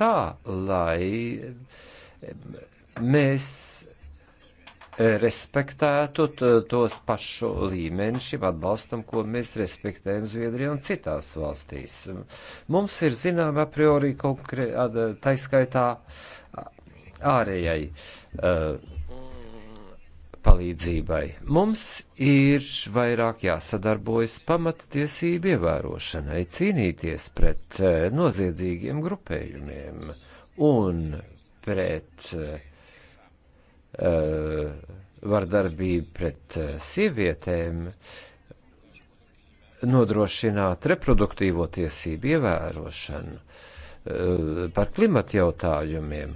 tā, lai mēs respektētu tos pašu līmeni šim atbalstam, ko mēs respektējam Zviedrijā un citās valstīs. Mums ir zinām a priori konkrēti, taiskaitā ārējai. Uh, palīdzībai. Mums ir vairāk jāsadarbojas pamattiesību ievērošanai, cīnīties pret eh, noziedzīgiem grupējumiem un pret uh, vardarbību pret eh, sievietēm, nodrošināt reproduktīvo tiesību ievērošanu, uh, par klimata jautājumiem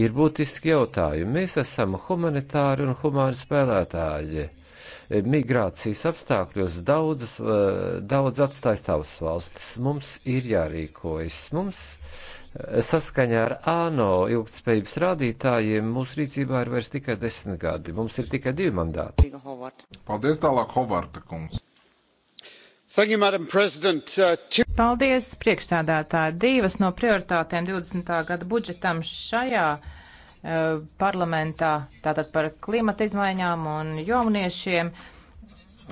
ir būtiski jautājumi. Mēs esam humanitāri un humāni spēlētāji. Migrācijas apstākļos daudzas, eh, daudz atstāj savas valstis. Mums ir jārīkojas. Mums eh, saskaņā ar ANO ilgtspējības rādītājiem mūsu rīcībā ir vairs tikai desmit gadi. Mums ir tikai divi mandāti. Paldies tālāk, Hovarta kungs. Uh, Paldies, priekšsēdētāji. Divas no prioritātēm 20. gada budžetam šajā uh, parlamentā, tātad par klimata izmaiņām un jauniešiem,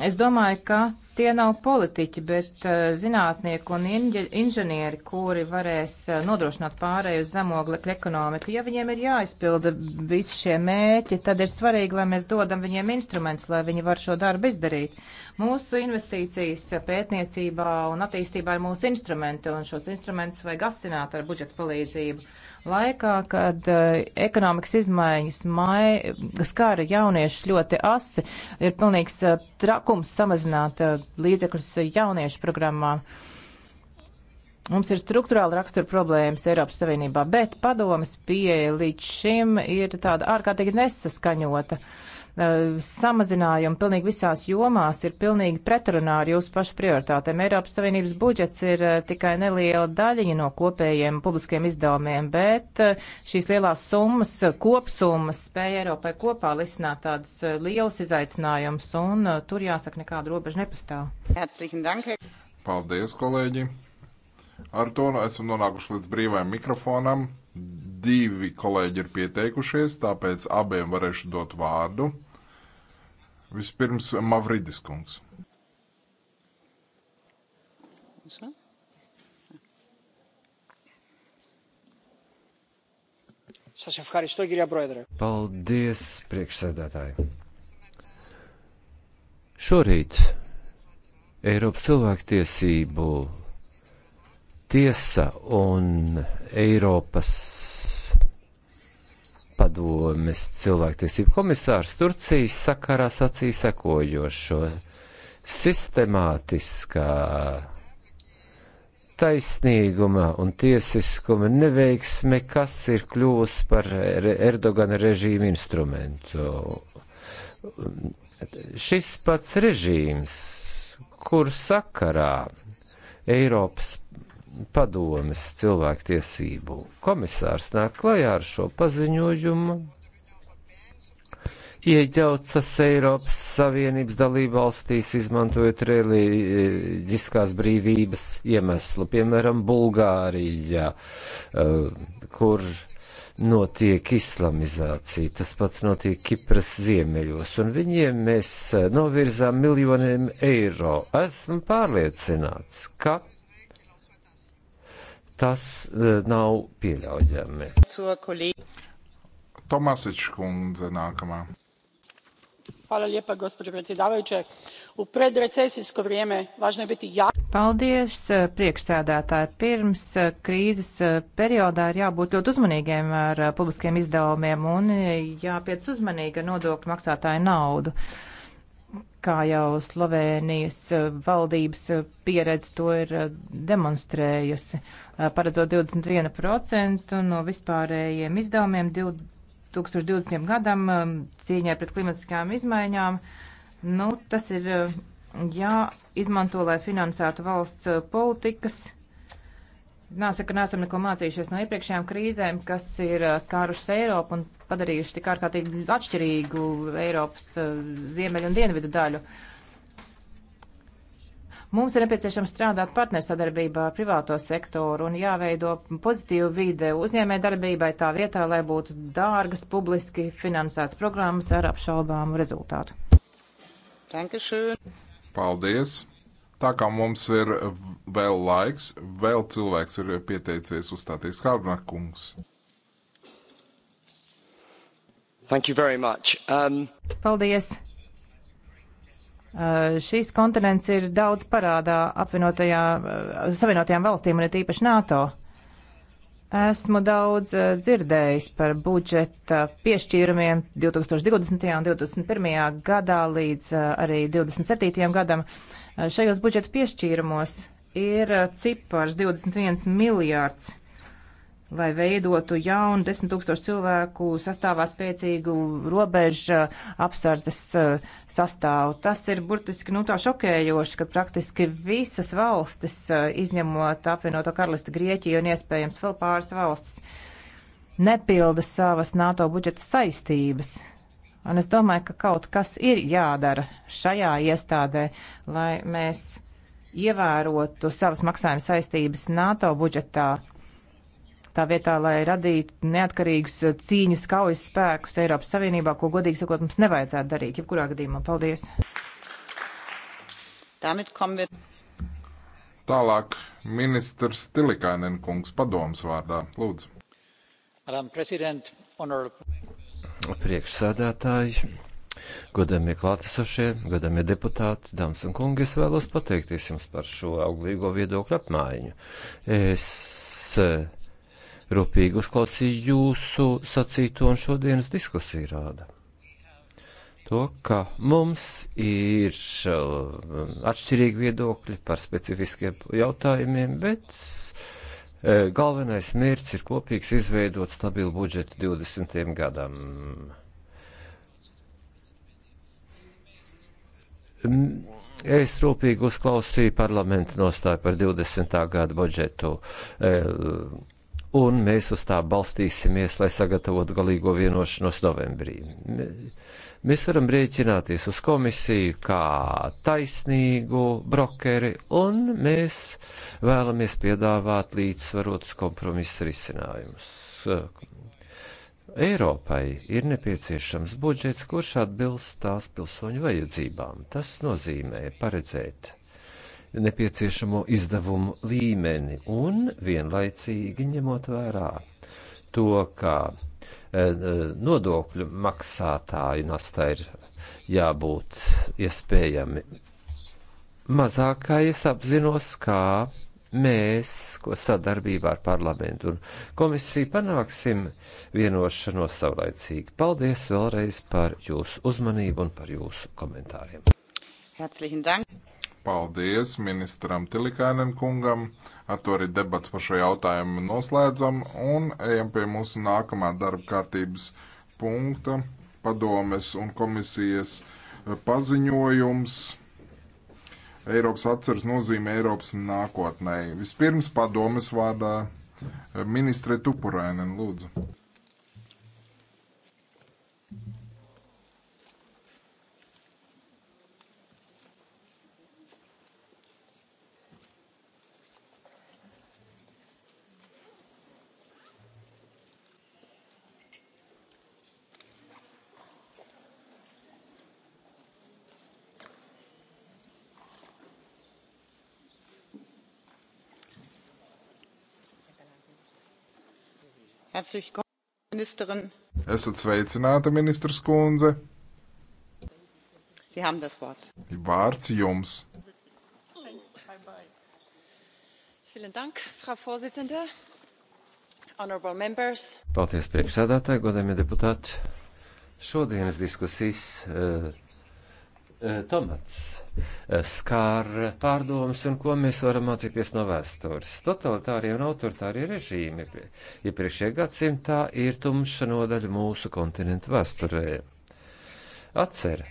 Es domāju, ka tie nav politiķi, bet uh, zinātnieki un inģi, inženieri, kuri varēs uh, nodrošināt pārēju uz zemoglekļa ekonomiku. Ja viņiem ir jāizpilda visi šie mēķi, tad ir svarīgi, lai mēs dodam viņiem instruments, lai viņi var šo darbu izdarīt. Mūsu investīcijas pētniecībā un attīstībā ir mūsu instrumenti, un šos instrumentus vajag asināt ar budžeta palīdzību. Uh, Laikā, kad eh, ekonomikas izmaiņas mai, skāra jauniešus ļoti asi, ir pilnīgs eh, trakums samazināt eh, līdzekļus jauniešu programmām. Mums ir struktūrāla rakstura problēmas Eiropas Savienībā, bet padomas pieeja līdz šim ir tāda ārkārtīgi nesaskaņota. Uh, Eh, samazinājumi pilnīgi visās jomās ir pilnīgi pretrunā ar jūsu pašu prioritātēm. Eiropas Savienības budžets ir eh, tikai neliela daļiņa no kopējiem publiskiem izdevumiem, bet eh, šīs lielās summas, kopsummas spēja Eiropai kopā lisināt tādus lielus izaicinājumus, un tur jāsaka nekāda robeža nepastāv. Paldies, kolēģi! Ar to nu esam nonākuši līdz brīvajam mikrofonam. Divi kolēģi ir pieteikušies, tāpēc abiem varēšu dot vārdu. Vispirms Mavridis kungs. Paldies, priekšsēdētāji. Šorīt Eiropas cilvēktiesību tiesa un Eiropas padomes cilvēktiesību komisārs Turcijas sakarā sacīja sekojošo sistemātiskā taisnīguma un tiesiskuma neveiksme, kas ir kļuvusi par Erdogana režīmu instrumentu. Šis pats režīms, kur sakarā Eiropas padomes cilvēktiesību komisārs nāk klajā ar šo paziņojumu, iejaucas Eiropas Savienības dalībvalstīs, izmantojot reliģiskās brīvības iemeslu, piemēram, Bulgārijā, eh, kur notiek islamizācija, tas pats notiek Kipras ziemeļos, un viņiem mēs novirzām miljoniem eiro. Esmu pārliecināts, ka Tas eh, nav pieļaujami. Tomasič kundze nākamā. Hvala lijepa, gospođo predsjedavajuće. U predrecesijsko vrijeme važno je biti jak. Paldies, eh, priekšsēdētāji. Pirms eh, krīzes periodā ir jābūt ļoti uzmanīgiem ar publiskiem izdevumiem un jāpiec uzmanīga nodokļu maksātāju naudu. Uh, kā jau Slovēnijas eh, valdības eh, pieredze to ir eh, demonstrējusi, paredzot 21% no vispārējiem izdevumiem 2020. gadam cīņai pret klimatiskajām izmaiņām. Nu, tas ir jāizmanto, lai finansētu valsts politikas Nāsaka, neesam neko mācījušies no iepriekšējām krīzēm, kas ir uh, skārušas Eiropu un padarījuši tik ārkārtīgi atšķirīgu Eiropas uh, ziemeļu un dienvidu daļu. Mums ir nepieciešams strādāt partnersadarbībā ar privāto sektoru un jāveido pozitīvu vide uzņēmē darbībai tā vietā, lai būtu dārgas, publiski finansētas programmas ar apšaubāmu rezultātu. Dankeschön. Paldies! Tā kā mums ir vēl laiks, vēl cilvēks ir pieteicies uzstāties Hārnak kungs. Thank you very much. Um... Paldies. Uh, šīs kontinents ir daudz parādā apvienotajā, uh, savienotajām valstīm un ir tīpaši NATO. Esmu daudz eh, dzirdējis par budžeta piešķīrumiem 2020. un 2021. gadā līdz eh, arī 27. gadam. Eh, šajos budžeta piešķīrumos ir cipars 21 miljārds lai veidotu jaunu desmit tūkstošu cilvēku sastāvā spēcīgu robeža apsardzes eh, sastāvu. Tas ir burtiski, nu, tā šokējoši, ka praktiski visas valstis, eh, izņemot apvienoto karalisti Grieķiju un iespējams vēl pāris valstis, nepilda savas NATO budžeta saistības. Un es domāju, ka kaut kas ir jādara šajā iestādē, lai mēs ievērotu savas maksājuma saistības NATO budžetā tā vietā, lai radītu neatkarīgus eh, cīņas kaujas spēkus Eiropas Savienībā, ko godīgi sakot mums nevajadzētu darīt. Jebkurā gadījumā, paldies! Tālāk ministrs Tilikainen kungs padoms vārdā. Lūdzu. Priekšsēdētāji, Godamie klātesošie, godamie deputāti, dāmas un kungi, es vēlos pateikties jums par šo auglīgo viedokļu apmaiņu. Es eh, rūpīgi uzklausīju jūsu sacīto un šodienas diskusiju rāda. To, ka mums ir um, atšķirīgi viedokļi par specifiskiem jautājumiem, bet eh, galvenais mērķis ir kopīgs izveidot stabilu budžetu 20. gadam. Es rūpīgi uzklausīju parlamenta nostāju par 20. gada budžetu. Eh, un mēs uz tā balstīsimies, lai sagatavotu galīgo vienošanos novembrī. Mēs varam rēķināties uz komisiju kā taisnīgu brokeri, un mēs vēlamies piedāvāt līdzsvarotus kompromisu risinājumus. Eiropai ir nepieciešams budžets, kurš atbilst tās pilsoņu vajadzībām. Tas nozīmē paredzēt nepieciešamo izdevumu līmeni un vienlaicīgi ņemot vērā to, ka e, e, nodokļu maksātāju nastā ir jābūt iespējami mazākai. Es apzinos, kā mēs, ko sadarbībā ar parlamentu un komisiju, panāksim vienošanos saulaicīgi. Paldies vēlreiz par jūsu uzmanību un par jūsu komentāriem. Herzlichen Dank! Paldies ministram Tilikainen kungam. Ar to arī debats par šo jautājumu noslēdzam un ejam pie mūsu nākamā darba kārtības punkta padomes un komisijas eh, paziņojums. Eiropas atceres nozīme Eiropas nākotnē. Vispirms padomes vārdā eh, ministre Tupurainen, lūdzu. Herzlich ministrin. Esat sveicināta, ministrs kundze. Sie haben das Wort. Vārds jums. Vielen Dank, Frau Vorsitzende. Honorable members. Paldies priekšsēdētāji, godējumie deputāti. Šodienas diskusijas uh, Eh, Tomats eh, skār pārdomas un ko mēs varam mācīties no vēstures. Totalitārie un autoritārie režīmi iepriekšējā ja gadsimtā ir tumša nodaļa mūsu kontinentu vēsturē. Atcer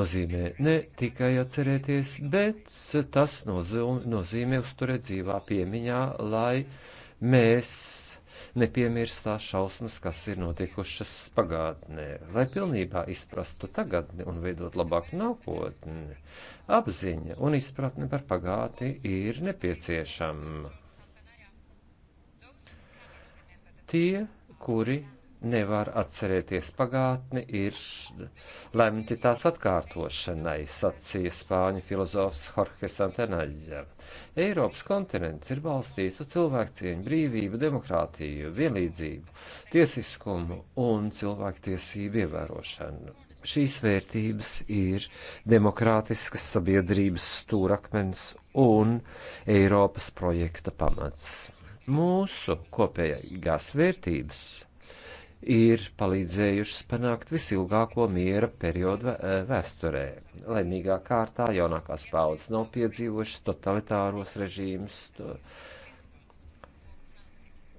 nozīmē ne tikai atcerēties, bet tas nozīmē uzturēt dzīvā piemiņā, lai mēs nepiemirst tās šausmas, kas ir notikušas pagātnē, lai pilnībā izprastu tagadni un veidot labāku nākotni. Apziņa un izpratne par pagātni ir nepieciešama. Tie, kuri nevar atcerēties pagātni, ir lemti tās atkārtošanai, sacīja spāņu filozofs Jorge Santenaļa. Eiropas kontinents ir balstīts uz cilvēkcieņu, brīvību, demokrātiju, vienlīdzību, tiesiskumu un cilvēktiesību ievērošanu. Šīs vērtības ir demokrātiskas sabiedrības stūrakmens un Eiropas projekta pamats. Mūsu kopējās vērtības ir palīdzējušas panākt visilgāko miera periodu eh, vēsturē. Laimīgā kārtā jaunākās paudzes nav piedzīvojušas totalitāros režīmus, to...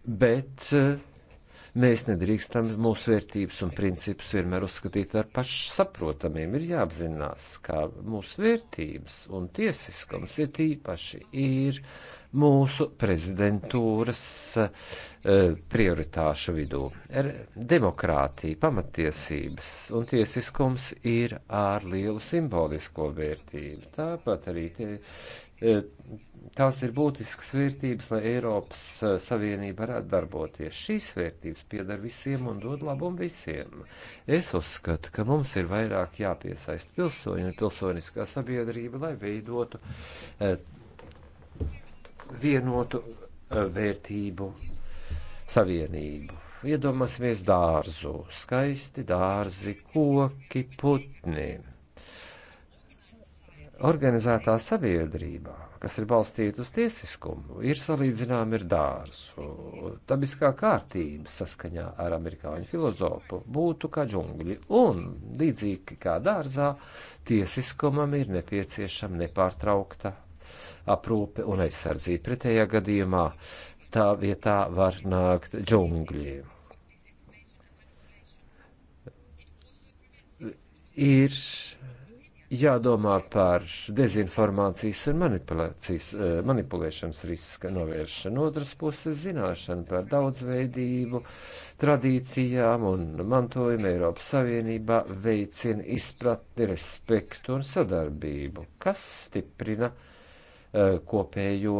bet eh, mēs nedrīkstam mūsu vērtības un principus vienmēr uzskatīt par pašsaprotamiem. Ir jāapzinās, ka mūsu vērtības un tiesiskums ir tīpaši ir mūsu prezidentūras eh, prioritāšu vidū. Er, demokrātija, pamatiesības un tiesiskums ir ar lielu simbolisko vērtību. Tāpat arī te, eh, tās ir būtiskas vērtības, lai Eiropas eh, Savienība varētu darboties. Šīs vērtības piedar visiem un dod labumu visiem. Es uzskatu, ka mums ir vairāk jāpiesaist pilsoņi un pilsoniskā sabiedrība, lai veidotu vienotu eh, vērtību savienību. Iedomāsimies dārzu, skaisti dārzi, koki, putni. Organizētā sabiedrībā, kas ir balstīta uz tiesiskumu, ir salīdzināma ar dārzu. Dabiskā kārtība saskaņā ar amerikāņu filozofu būtu kā džungļi, un līdzīgi kā dārzā, tiesiskumam ir nepieciešama nepārtraukta aprūpe un aizsardzība. Pretējā gadījumā tā vietā var nākt džungļi. Ir jādomā par dezinformācijas un eh, manipulēšanas riska novēršanu. Otras puses - zināšana par daudzveidību, tradīcijām un mantojumu Eiropas Savienībā veicina izpratni, respektu un sadarbību, kas stiprina uh, Eh, kopējo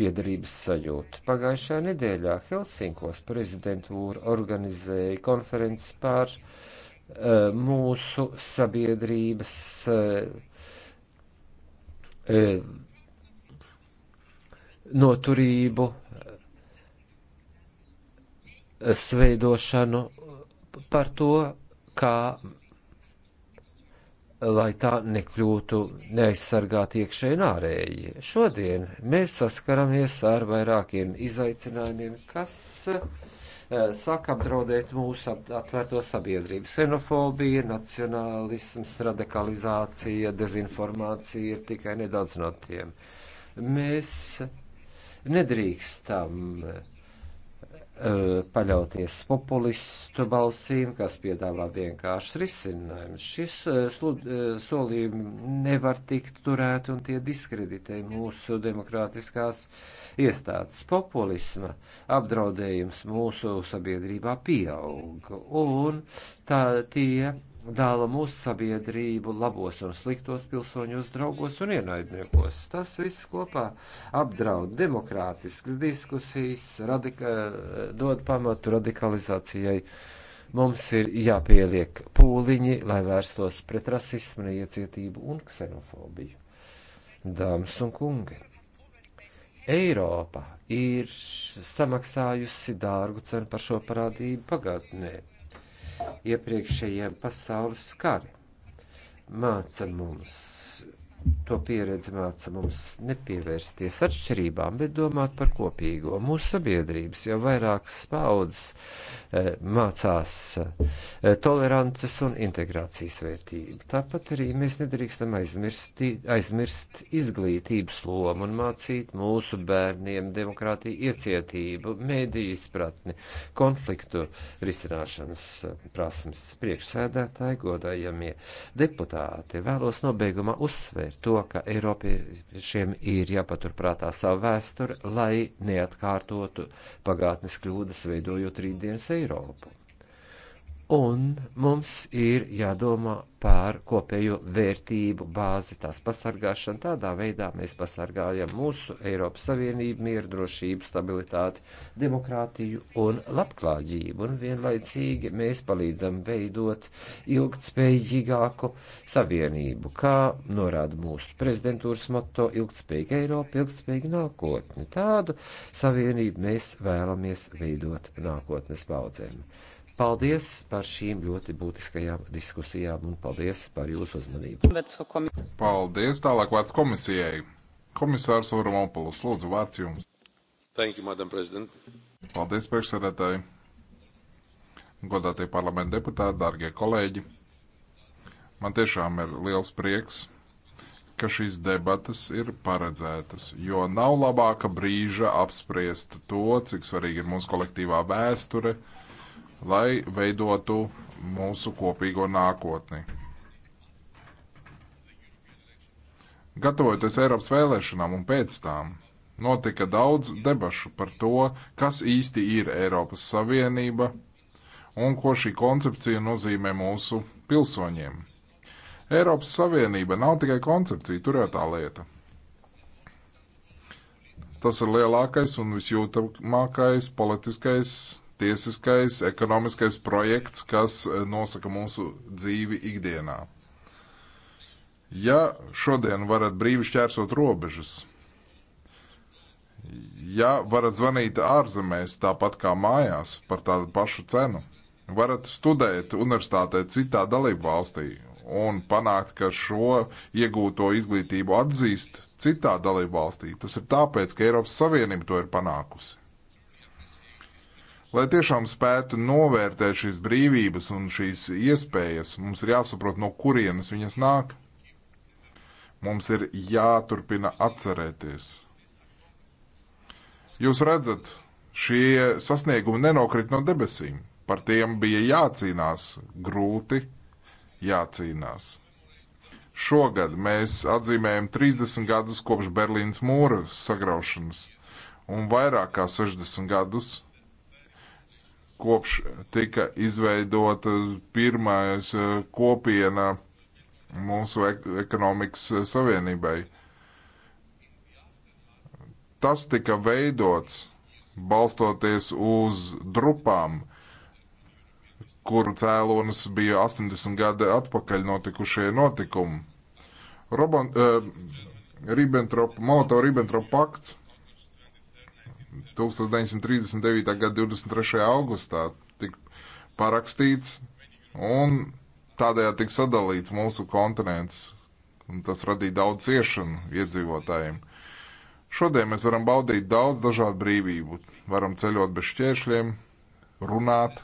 piedarības sajūtu. Pagājušajā nedēļā Helsinkos prezidentūra organizēja konferences par uh, mūsu sabiedrības uh, uh, noturību, sveidošanu par to, kā lai tā nekļūtu neaizsargāt iekšēji un ārēji. Šodien mēs saskaramies ar vairākiem izaicinājumiem, kas eh, sāk apdraudēt mūsu atvērto sabiedrību. Xenofobija, nacionālisms, radikalizācija, dezinformācija ir tikai nedaudz no tiem. Mēs nedrīkstam uh, Eh, paļauties populistu balsīm, kas piedāvā vienkārši risinājumus. Šis eh, slud, eh, solījumi nevar tikt turēti un tie diskreditē mūsu demokrātiskās iestādes. Populisma apdraudējums mūsu sabiedrībā pieaug un tā tie dala mūsu sabiedrību labos un sliktos pilsoņos, draugos un ienaidniekos. Tas viss kopā apdraud demokrātiskas diskusijas, radika, dod pamatu radikalizācijai. Mums ir jāpieliek pūliņi, lai vērstos pret rasismu, neiecietību un ksenofobiju. Dāmas un kungi, Eiropa ir samaksājusi dārgu cenu par šo parādību pagātnē iepriekšējie pasaules kari. Māca mums to pieredze māca mums nepievērsties atšķirībām, bet domāt par kopīgo. Mūsu sabiedrības jau vairākas paudzes eh, mācās eh, tolerances un integrācijas vērtību. Tāpat arī mēs nedrīkstam aizmirst, aizmirst izglītības lomu un mācīt mūsu bērniem demokrātiju iecietību, mēdīju izpratni, konfliktu risināšanas eh, prasmes priekšsēdētāji, godājamie deputāti. Vēlos nobeigumā uzsvērt to, ka Eiropiešiem ir jāpaturprātā savu vēsturi, lai neatkārtotu pagātnes kļūdas, veidojot rītdienas Eiropu. Un mums ir jādomā par kopējo vērtību bāzi, tās pasargāšanu. Tādā veidā mēs pasargājam mūsu Eiropas Savienību, mieru, drošību, stabilitāti, demokrātiju un labklājību. Un vienlaicīgi mēs palīdzam veidot ilgtspējīgāku savienību, kā norāda mūsu prezidentūras moto - ilgtspējīga Eiropa, ilgtspējīga nākotne. Tādu savienību mēs vēlamies veidot nākotnes paudzēm. Paldies par šīm ļoti būtiskajām diskusijām un paldies par jūsu uzmanību. Paldies, tālāk vārds komisijai. Komisārs Varmopulus, lūdzu, vārds jums. Thank you, Madam President. Paldies, priekšsēdētāji. Godātie parlamenta deputāti, dārgie kolēģi. Man tiešām ir liels prieks, ka šīs debatas ir paredzētas, jo nav labāka brīža apspriest to, cik svarīga ir mūsu kolektīvā vēsture lai veidotu mūsu kopīgo nākotni. Gatavojoties Eiropas vēlēšanām un pēc tām, notika daudz debašu par to, kas īsti ir Eiropas Savienība un ko šī koncepcija nozīmē mūsu pilsoņiem. Eiropas Savienība nav tikai koncepcija, turētā lieta. Tas ir lielākais un visjūtamākais politiskais tiesiskais, ekonomiskais projekts, kas e, nosaka mūsu dzīvi ikdienā. Ja šodien varat brīvi šķērsot robežas, ja varat zvanīt ārzemēs tāpat kā mājās par tādu pašu cenu, varat studēt universitātē citā dalību valstī un panākt, ka šo iegūto izglītību atzīst citā dalību valstī. Tas ir tāpēc, ka Eiropas Savienība to ir panākusi. Lai tiešām spētu novērtēt šīs brīvības un šīs iespējas, mums ir jāsaprot, no kurienes viņas nāk. Mums ir jāturpina atcerēties. Jūs redzat, šie sasniegumi nenokrit no debesīm. Par tiem bija jācīnās, grūti jācīnās. Šogad mēs atzīmējam 30 gadus kopš Berlīnas mūra sagraušanas un vairāk kā 60 gadus kopš tika izveidota pirmais eh, kopiena mūsu ekonomikas eh, savienībai. Tas tika veidots balstoties uz drupām, kuru cēlonis bija 80 gadi atpakaļ notikušie notikumi. Robon, uh, Ribbentrop, Molotov-Ribbentrop pakts 1939. gada 23. augustā tika parakstīts un tādējādi tika sadalīts mūsu kontinents. Un tas radīja daudz ciešanu iedzīvotājiem. Šodien mēs varam baudīt daudz dažādu brīvību. Varam ceļot bez šķēršļiem, runāt,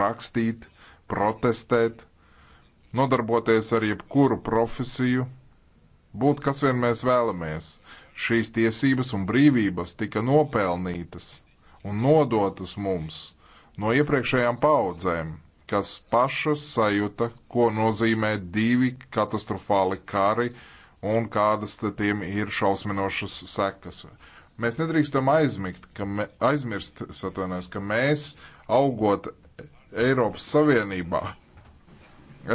rakstīt, protestēt, nodarboties ar jebkuru profesiju, būt kas vien mēs vēlamies, Šīs tiesības un brīvības tika nopelnītas un nodotas mums no iepriekšējām paudzēm, kas pašas sajuta, ko nozīmē divi katastrofāli kari un kādas tiem ir šausminošas sekas. Mēs nedrīkstam aizmigt, ka me, aizmirst, satvenēs, ka mēs, augot Eiropas Savienībā,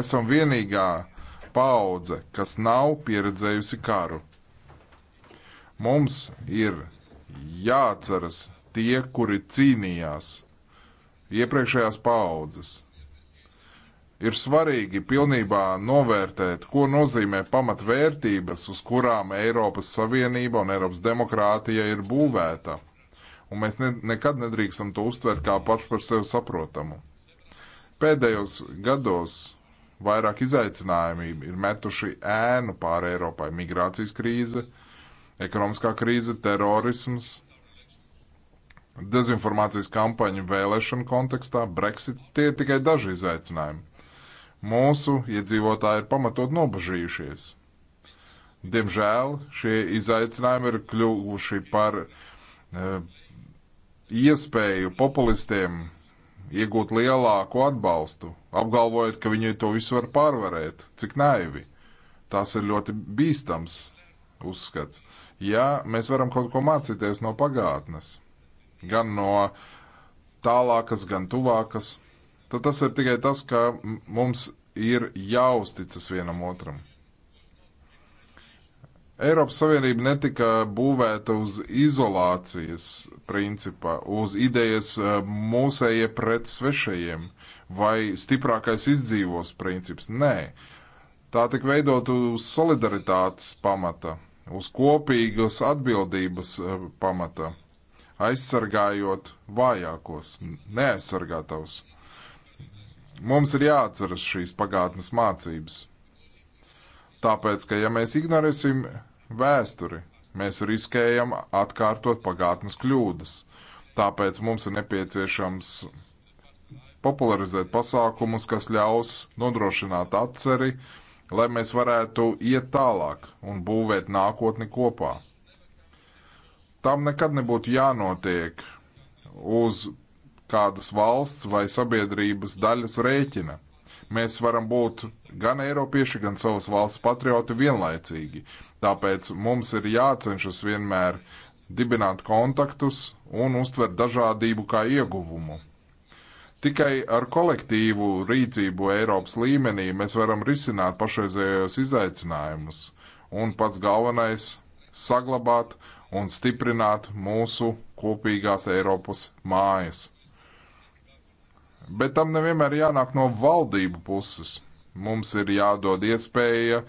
esam vienīgā paudze, kas nav pieredzējusi karu. Mums ir jāatceras tie, kuri cīnījās, iepriekšējās paaudzes. Ir svarīgi pilnībā novērtēt, ko nozīmē pamatvērtības, uz kurām Eiropas Savienība un Eiropas demokrātija ir būvēta, un mēs ne, nekad nedrīkstam to uztvert kā pašu par sevi saprotamu. Pēdējos gados vairāk izaicinājumi ir metuši ēnu pāri Eiropai - migrācijas krīze, uh, ekonomiskā krīze, terorisms, dezinformācijas kampaņu vēlēšanu kontekstā, Brexit, tie ir tikai daži izaicinājumi. Mūsu iedzīvotāji ir pamatot nobažījušies. Diemžēl šie izaicinājumi ir kļuvuši par e, iespēju populistiem iegūt lielāku atbalstu, apgalvojot, ka viņi to visu var pārvarēt. Cik naivi! Tas ir ļoti bīstams uzskats ja mēs varam kaut ko mācīties no pagātnes, gan no tālākas, gan tuvākas, tad tas ir tikai tas, ka mums ir jāuzticas vienam otram. Eiropas Savienība netika būvēta uz izolācijas principa, uz idejas e, mūsējie pret svešajiem vai stiprākais izdzīvos princips. Nē, tā tika veidot uz solidaritātes pamata, uz kopīgas atbildības eh, pamata, aizsargājot vājākos, neaizsargātos. Mums ir jāatceras šīs pagātnes mācības. Tāpēc, ka ja mēs ignorēsim vēsturi, mēs riskējam atkārtot pagātnes kļūdas. Tāpēc mums ir nepieciešams popularizēt pasākumus, kas ļaus nodrošināt atceri lai mēs varētu iet tālāk un būvēt nākotni kopā. Tam nekad nebūtu jānotiek uz kādas valsts vai sabiedrības daļas rēķina. Mēs varam būt gan eiropieši, gan savas valsts patrioti vienlaicīgi. Tāpēc mums ir jācenšas vienmēr dibināt kontaktus un uztvert dažādību kā ieguvumu. Tikai ar kolektīvu rīcību Eiropas līmenī mēs varam risināt pašreizējos izaicinājumus un pats galvenais - saglabāt un stiprināt mūsu kopīgās Eiropas mājas. Bet tam nevienmēr jānāk no valdību puses. Mums ir jādod iespēja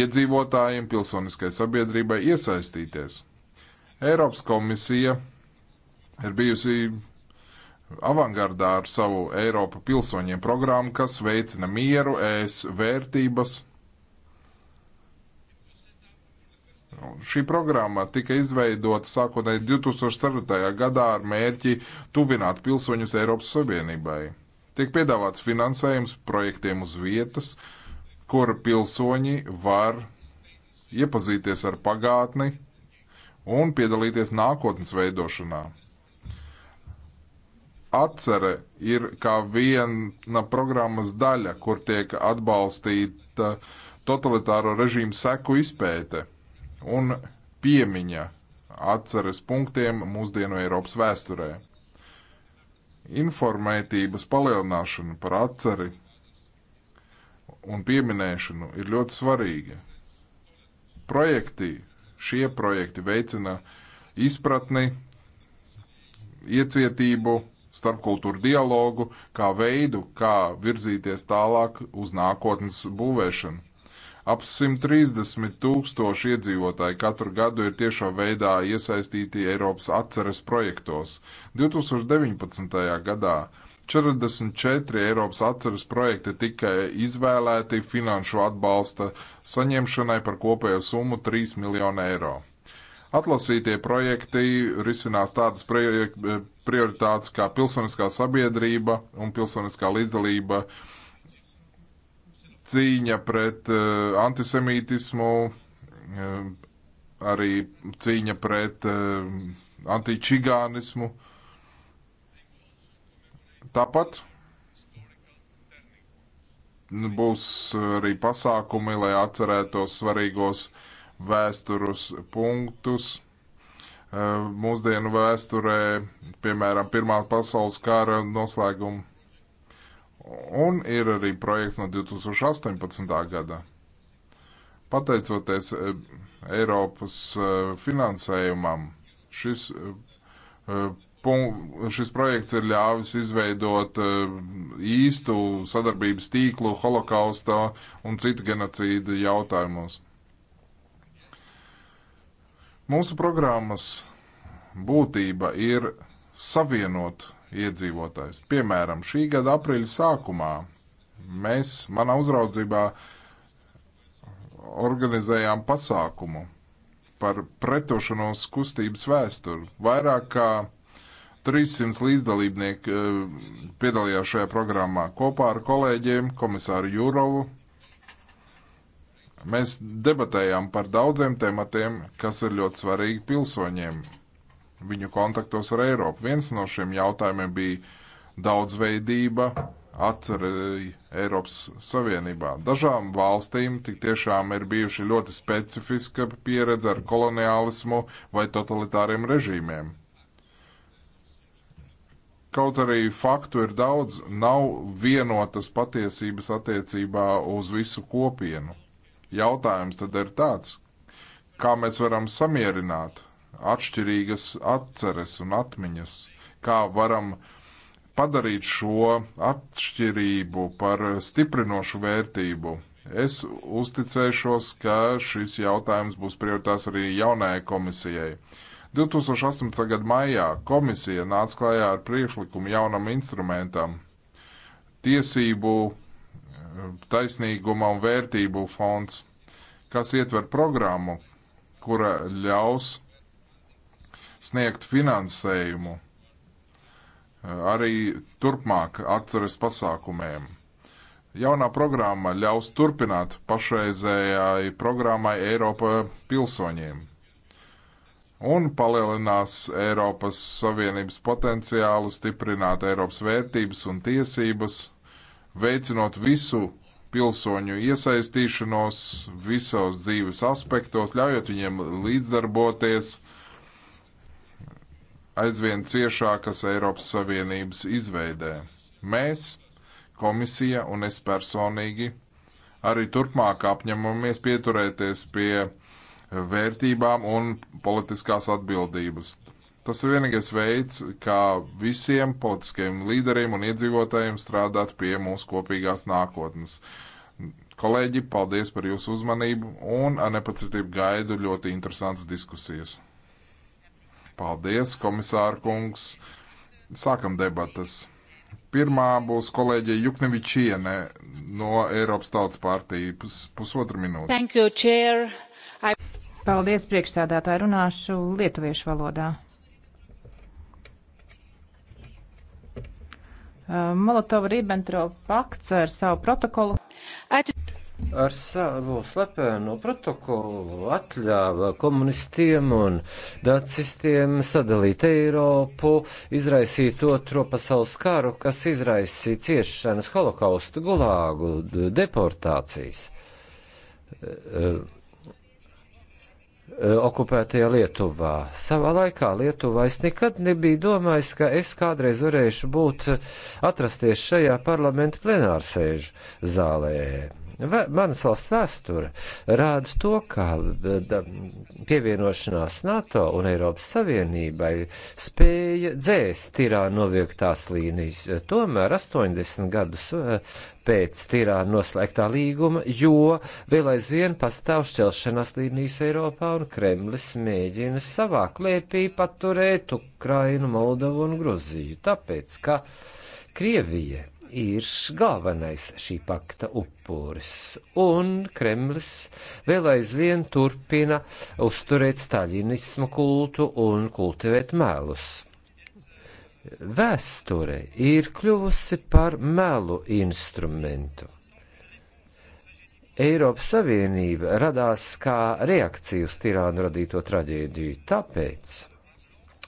iedzīvotājiem, pilsoniskai sabiedrībai iesaistīties. Eiropas komisija ir bijusi avangardā ar savu Eiropa pilsoņiem programmu, kas veicina mieru, ēs vērtības. Nu, šī programma tika izveidota sākotnēji 2004. gadā ar mērķi tuvināt pilsoņus Eiropas Savienībai. Tiek piedāvāts finansējums projektiem uz vietas, kur pilsoņi var iepazīties ar pagātni un piedalīties nākotnes veidošanā. Atcere ir kā viena programmas daļa, kur tiek atbalstīta totalitāro režīmu seku izpēte un piemiņa atceres punktiem mūsdienu Eiropas vēsturē. Informētības palielināšana par atceri un pieminēšanu ir ļoti svarīga. Projekti, šie projekti veicina izpratni, iecietību starpkultūru dialogu kā veidu, kā virzīties tālāk uz nākotnes būvēšanu. Ap 130 tūkstoši iedzīvotāji katru gadu ir tiešā veidā iesaistīti Eiropas atceres projektos. 2019. gadā 44 Eiropas atceres projekti tika izvēlēti finanšu atbalsta saņemšanai par kopējo summu 3 miljonu eiro. Atlasītie projekti risinās tādas prioritātes kā pilsoniskā sabiedrība un pilsoniskā līdzdalība, cīņa pret eh, antisemītismu, eh, arī cīņa pret eh, antičigānismu. Tāpat būs arī pasākumi, lai atcerētos svarīgos uh, vēstures punktus mūsdienu vēsturē, piemēram, Pirmā pasaules kara noslēgumu. Un ir arī projekts no 2018. gada. Pateicoties Eiropas finansējumam, šis šis projekts ir ļāvis izveidot īstu sadarbības tīklu holokausta un citu genocīdu jautājumos. Mūsu programmas būtība ir savienot iedzīvotājs. Piemēram, šī gada aprīļa sākumā mēs manā uzraudzībā organizējām pasākumu par pretošanos kustības vēsturi. Vairāk kā 300 līdzdalībnieki eh, piedalījās šajā programmā kopā ar kolēģiem, komisāru Jurovu, Mēs debatējām par daudziem tematiem, kas ir ļoti svarīgi pilsoņiem viņu kontaktos ar Eiropu. Viens no šiem jautājumiem bija daudzveidība atcerēja Eiropas Savienībā. Dažām valstīm tik tiešām ir bijuši ļoti specifiska pieredze ar koloniālismu vai totalitāriem režīmiem. Kaut arī faktu ir daudz, nav vienotas patiesības attiecībā uz visu kopienu. Jautājums tad ir tāds, kā mēs varam samierināt atšķirīgas atceres un atmiņas, kā varam padarīt šo atšķirību par stiprinošu vērtību. Es uzticēšos, ka šis jautājums būs prioritārs arī jaunajai komisijai. 2018. gada maijā komisija nāca klajā ar priekšlikumu jaunam instrumentam - tiesību taisnīguma un vērtību fonds, kas ietver programmu, kura ļaus sniegt finansējumu e, arī turpmāk atceres pasākumiem. Jaunā programma ļaus turpināt pašreizējai programmai Eiropa pilsoņiem un palielinās Eiropas Savienības potenciālu, stiprināt Eiropas vērtības un tiesības veicinot visu pilsoņu iesaistīšanos visos dzīves aspektos, ļaujot viņiem līdzdarboties aizvien ciešākas Eiropas Savienības izveidē. Mēs, komisija un es personīgi arī turpmāk apņemamies pieturēties pie vērtībām un politiskās atbildības. Tas ir vienīgais veids, kā visiem politiskiem līderiem un iedzīvotājiem strādāt pie mūsu kopīgās nākotnes. Kolēģi, paldies par jūsu uzmanību un ar nepacietību gaidu ļoti interesants diskusijas. Paldies, komisāra kungs. Sākam debatas. Pirmā būs kolēģe Juknevičiene no Eiropas Tautas partijas pusotra minūte. Thank you, chair. I... Paldies, priekšsēdētāji, runāšu lietuviešu valodā. Molotova-Ribbentrop pakts ar savu protokolu. At ar savu slepeno protokolu atļāva komunistiem un dacistiem sadalīt Eiropu, izraisīt otro pasaules karu, kas izraisīja ciešanas holokaustu, gulāgu, deportācijas. Uh, Eh, okupētajā Lietuvā. Savā laikā Lietuvā es nekad nebiju domājis, ka es kādreiz varēšu būt eh, atrasties šajā parlamenta plenārsēžu zālē. V manas valsts vēsture rāda to, ka e, pievienošanās NATO un Eiropas Savienībai spēja dzēst tirā noviektās līnijas. E, tomēr 80 gadus e, pēc tirā noslēgtā līguma, jo vēl aizvien pastāv šķelšanās līnijas Eiropā un Kremlis mēģina savā klēpī paturēt Ukrainu, Moldavu un Gruziju. Tāpēc, ka Krievija ir galvenais šī pakta upuris, un Kremlis vēl aizvien turpina uzturēt staļinismu kultu un kultivēt mēlus. Vēsture ir kļuvusi par melu instrumentu. Eiropas Savienība radās kā reakcija uz tirānu radīto traģēdiju, tāpēc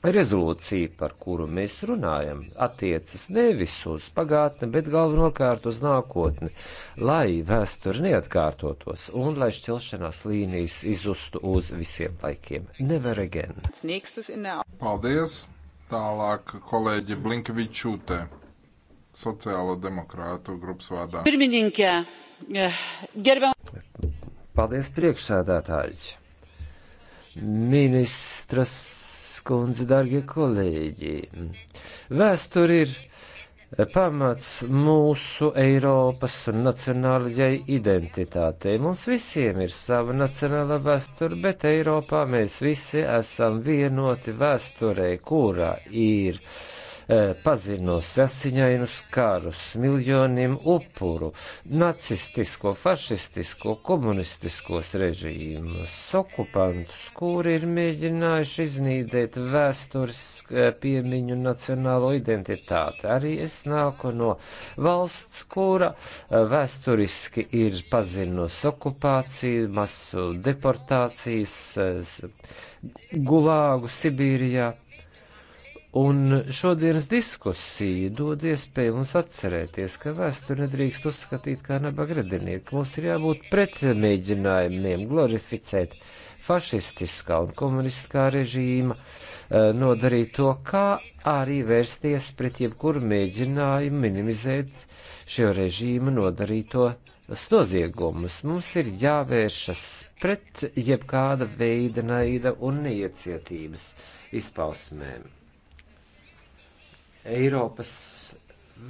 rezolūcija, par kuru mēs runājam, attiecas nevis uz pagātni, bet galvenokārt uz nākotni, lai vēsture neatkārtotos un lai šķelšanās līnijas izustu uz visiem laikiem. Never again! Paldies! Tālāk kolēģi Blinkevičūtē, sociāla demokrātu grupas vārdā. Pirmininkē, eh, gerbam. Paldies priekšsēdētāji! Ministras kundze, dargie kolēģi, vēsture ir pamats mūsu Eiropas un nacionālajai identitātei. Mums visiem ir sava nacionāla vēsture, bet Eiropā mēs visi esam vienoti vēsturē, kurā ir uh, Eh, pazinos asiņainus kārus, miljoniem upuru, nacistisko, fašistisko, komunistiskos režīmus, okupantus, kuri ir mēģinājuši iznīdēt vēstures eh, piemiņu nacionālo identitāti. Arī es nāku no valsts, kura eh, vēsturiski ir pazinos okupāciju, masu deportācijas, gulāgu Sibīrijā Un šodienas diskusija dod iespēju mums atcerēties, ka vēsturi nedrīkst uzskatīt kā nabaga radinieku. Mums ir jābūt pretmēģinājumiem glorificēt fašistiskā un komunistiskā režīma, eh, nodarīt to, kā arī vērsties pret jebkuru mēģinājumu minimizēt šo režīmu nodarīto noziegumus. Mums ir jāvēršas pret jebkāda veida naida un neiecietības izpausmēm. Eiropas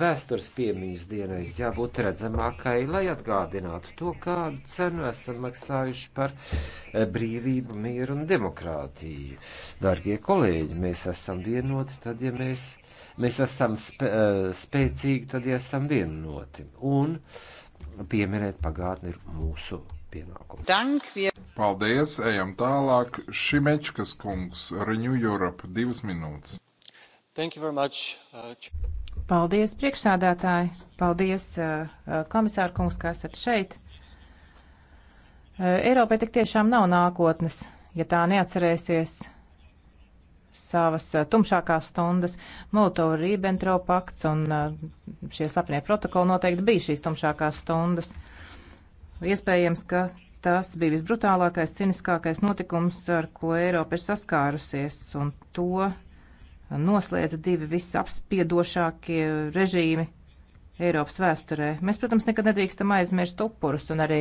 vēstures piemiņas dienai jābūt redzamākai, lai atgādinātu to, kādu cenu esam maksājuši par eh, brīvību, mieru un demokrātiju. Dargie kolēģi, mēs esam vienoti, tad, ja mēs, mēs esam spē, eh, spēcīgi, tad, ja esam vienoti. Un pieminēt pagātni ir mūsu pienākumu. Dank, vie... Paldies, ejam tālāk. Šimečkas kungs, Renew Europe, divas minūtes. Uh, Paldies, priekšsādātāji! Paldies, uh, uh, komisāra kungs, ka esat šeit! Eiropai tik tiešām nav nākotnes, ja tā neatcerēsies savas tumšākās stundas. Molotova Rībentro pakts un šie slepenie protokoli noteikti bija šīs tumšākās stundas. Iespējams, ka tas bija visbrutālākais, ciniskākais notikums, ar ko Eiropa ir saskārusies, un to noslēdza divi visapspiedošākie režīmi Eiropas vēsturē. Mēs, protams, nekad nedrīkstam aizmirst upurus un arī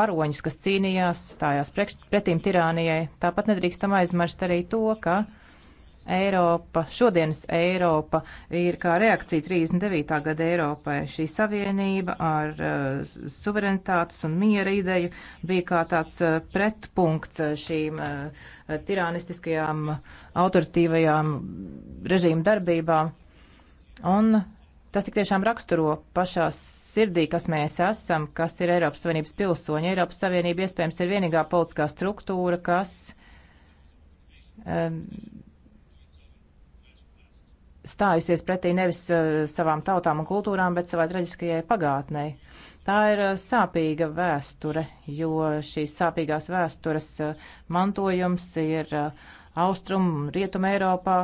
varoņus, kas cīnījās, stājās pretīm tirānijai. Tāpat nedrīkstam aizmirst arī to, ka uh, Eiropa, šodienas Eiropa ir kā reakcija 39. gada Eiropai. Šī savienība ar uh, suverenitātes un miera ideju bija kā tāds uh, pretpunkts uh, šīm uh, tirānistiskajām, autoritīvajām režīmu darbībām. Un tas tik tiešām raksturo pašās sirdī, kas mēs esam, kas ir Eiropas Savienības pilsoņi. Eiropas Savienība iespējams ir vienīgā politiskā struktūra, kas. Um, stājusies pretī nevis uh, savām tautām un kultūrām, bet savai traģiskajai pagātnē. Tā ir uh, sāpīga vēsture, jo šīs sāpīgās vēstures uh, mantojums ir Austrum, Rietum Eiropā,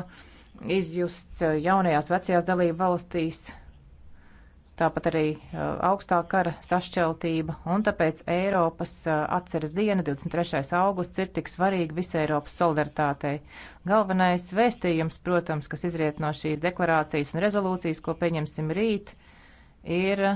izjusts jaunajās vecajās dalību valstīs tāpat arī augstā kara sašķeltība, un tāpēc Eiropas atceras diena, 23. augusts, ir tik svarīga visai Eiropas solidaritātei. Galvenais vēstījums, protams, kas izriet no šīs deklarācijas un rezolūcijas, ko pieņemsim rīt, ir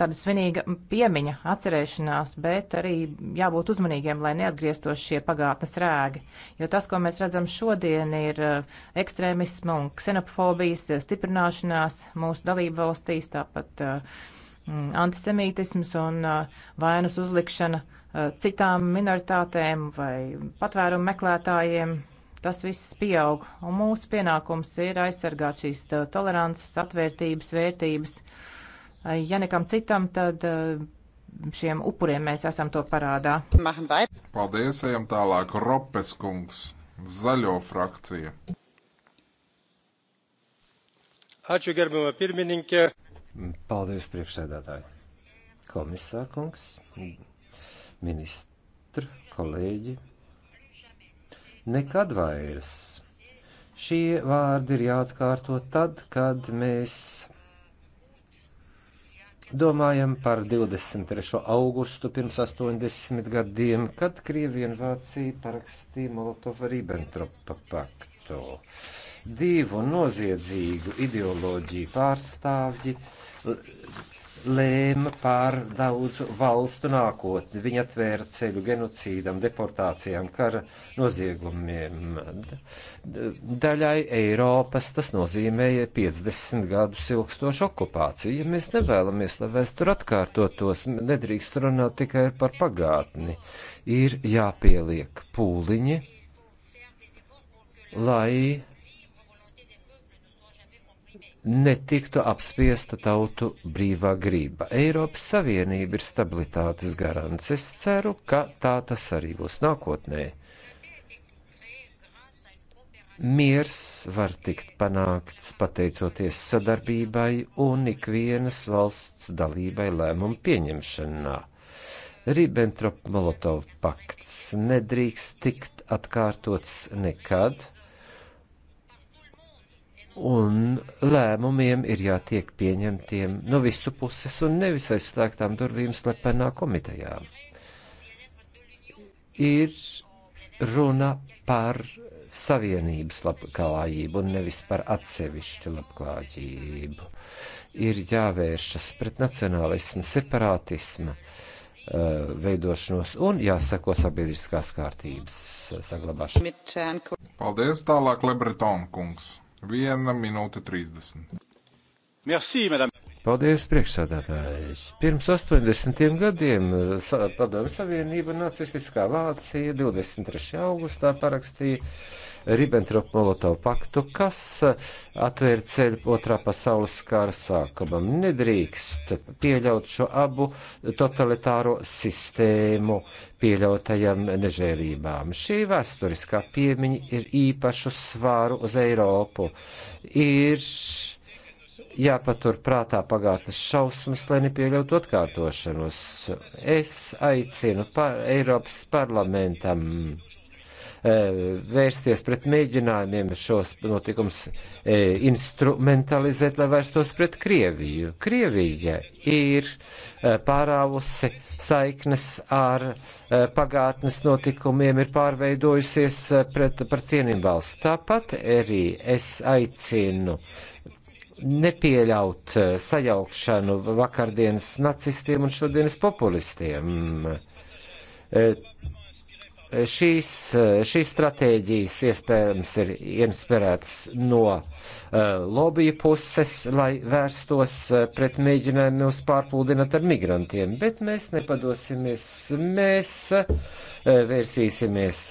tāda svinīga piemiņa, atcerēšanās, bet arī jābūt uzmanīgiem, lai neatgrieztos šie pagātnes rēgi. Jo tas, ko mēs redzam šodien, ir eh, ekstrēmisma un ksenofobijas stiprināšanās mūsu dalību valstīs, tāpat eh, antisemītisms un eh, vainas uzlikšana citām minoritātēm vai patvērumu meklētājiem. Tas viss pieaug, un mūsu pienākums ir aizsargāt šīs tolerances, atvērtības, vērtības. Uh, Ja nekam citam, tad eh, šiem upuriem mēs esam to parādā. Paldies, ejam tālāk. Ropes kungs, zaļo frakcija. Ačiū, gerbama pirmininkė. Paldies, priekšsēdētāji. Komisār kungs, ministri, kolēģi. Nekad vairs. Šie vārdi ir jāatkārto tad, kad mēs Domājam par 23. augustu pirms 80 gadiem, kad Krievija un Vācija parakstīja Molotova-Ribbentropa paktu. Divu noziedzīgu ideoloģiju pārstāvji lēma pār daudzu valstu nākotni. Viņa atvēra ceļu genocīdam, deportācijām, kara noziegumiem. Daļai Eiropas tas nozīmēja 50 gadus ilgstošu okupāciju. Ja mēs nevēlamies, lai vēstur atkārtotos, nedrīkst runāt tikai par pagātni. Ir jāpieliek pūliņi, lai netiktu apspiesta tautu brīvā grība. Eiropas Savienība ir stabilitātes garants. Es ceru, ka tā tas arī būs nākotnē. Miers var tikt panākts pateicoties sadarbībai un ikvienas valsts dalībai lēmumu pieņemšanā. Ribbentrop-Molotov pakts nedrīkst tikt atkārtots nekad un lēmumiem ir jātiek pieņemtiem no visu puses un nevis aizslēgtām durvīm slepenā komitejā. Ir runa par savienības labklājību un nevis par atsevišķu labklājību. Ir jāvēršas pret nacionālismu, separātismu eh, veidošanos un jāsako sabiedriskās kārtības saglabāšanai. Paldies, tālāk Lebretona kungs. Viena minūte trīsdesmit. Merci, madame. Paldies, priekšsādātājs. Pirms 80 gadiem eh, Padomju Savienība nacistiskā Vācija 23. augustā parakstīja Ribbentrop-Molotov paktu, kas uh, atvēra ceļu otrā pasaules kara sākumam. Nedrīkst pieļaut šo abu totalitāro sistēmu pieļautajam nežēlībām. Šī vēsturiskā piemiņa ir īpašu svāru uz Eiropu. Ir jāpatur prātā pagātnes šausmas, lai nepieļautu atkārtošanos. Es aicinu par Eiropas parlamentam Eh, vērsties pret mēģinājumiem šos notikums eh, instrumentalizēt, lai vērstos pret Krieviju. Krievija ir eh, pārāvusi saiknes ar pagātnes notikumiem, ir pārveidojusies pret, par cienību valsts. Tāpat arī es aicinu nepieļaut sajaukšanu vakardienas nacistiem un šodienas populistiem. Šīs, šīs stratēģijas iespējams ir inspirētas no uh, lobby puses, lai vērstos eh, pret mēģinājumu mūs pārpludināt ar migrantiem, bet mēs nepadosimies, mēs uh, vērsīsimies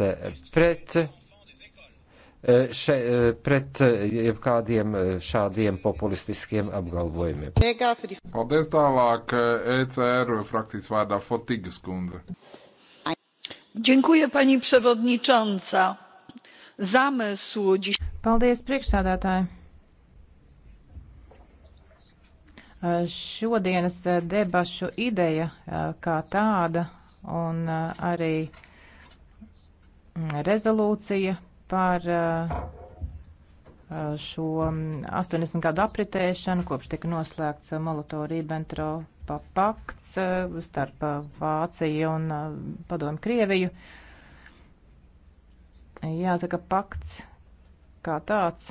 pret, uh, še, pret jebkādiem šādiem populistiskiem apgalvojumiem. Paldies tālāk ECR e frakcijas vārdā Fotigas kundze pani przewodnicząca! Zamysł Paldies, priekšsādātāji! Šodienas debašu ideja kā tāda un arī mm, rezolūcija par šo 80 gadu apritēšanu, kopš tika noslēgts Molotora-Ribbentropa pakts eh, starp Vāciju un eh, padomu Krieviju. Jāsaka, pakts kā tāds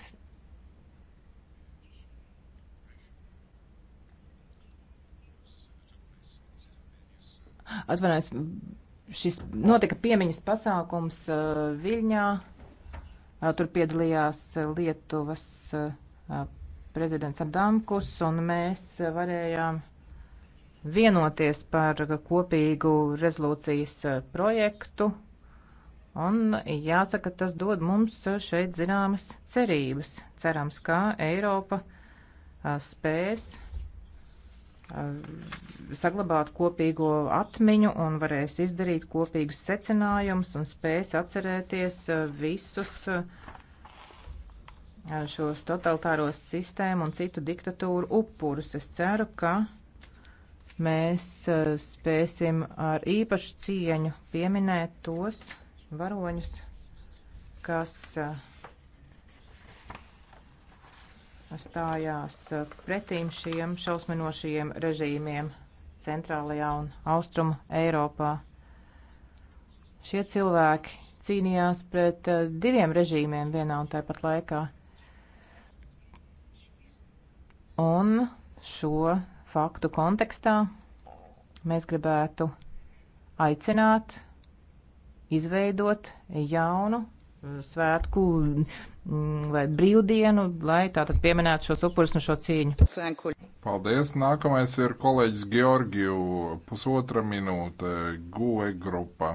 Atvainojos, šis notika piemiņas pasākums uh, Viļņā. Uh, tur piedalījās Lietuvas uh, prezidents Adamkus, un mēs varējām vienoties par kopīgu rezolūcijas eh, projektu. Un jāsaka, tas dod mums eh, šeit zināmas cerības. Cerams, ka Eiropa eh, spēs saglabāt kopīgo atmiņu un varēs izdarīt kopīgus secinājumus un spēs atcerēties visus šos totalitāros sistēmu un citu diktatūru upurus. Es ceru, ka mēs eh, spēsim ar īpašu cieņu pieminēt tos varoņus, kas eh, stājās eh, pretīm šiem šausminošajiem režīmiem centrālajā un austrumu Eiropā. Šie cilvēki cīnījās pret diviem režīmiem vienā un tāpat laikā. Un šo faktu kontekstā mēs gribētu aicināt izveidot jaunu eh, svētku mm, vai brīvdienu, lai tātad pieminētu šos upurus un šo cīņu. Paldies! Nākamais ir kolēģis Georgiju, pusotra minūte, GUE grupa.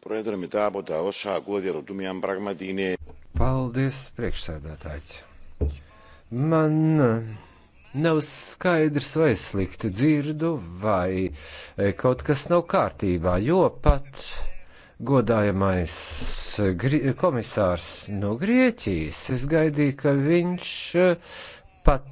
Πρόεδρε, μετά από τα όσα ακούω διαρωτούμε αν πράγματι είναι Paldies, priekšsēdētāji. Man eh, nav skaidrs, vai slikti dzirdu, vai eh, kaut kas nav kārtībā, jo pat godājamais komisārs no Grieķijas, es gaidīju, ka viņš eh, pat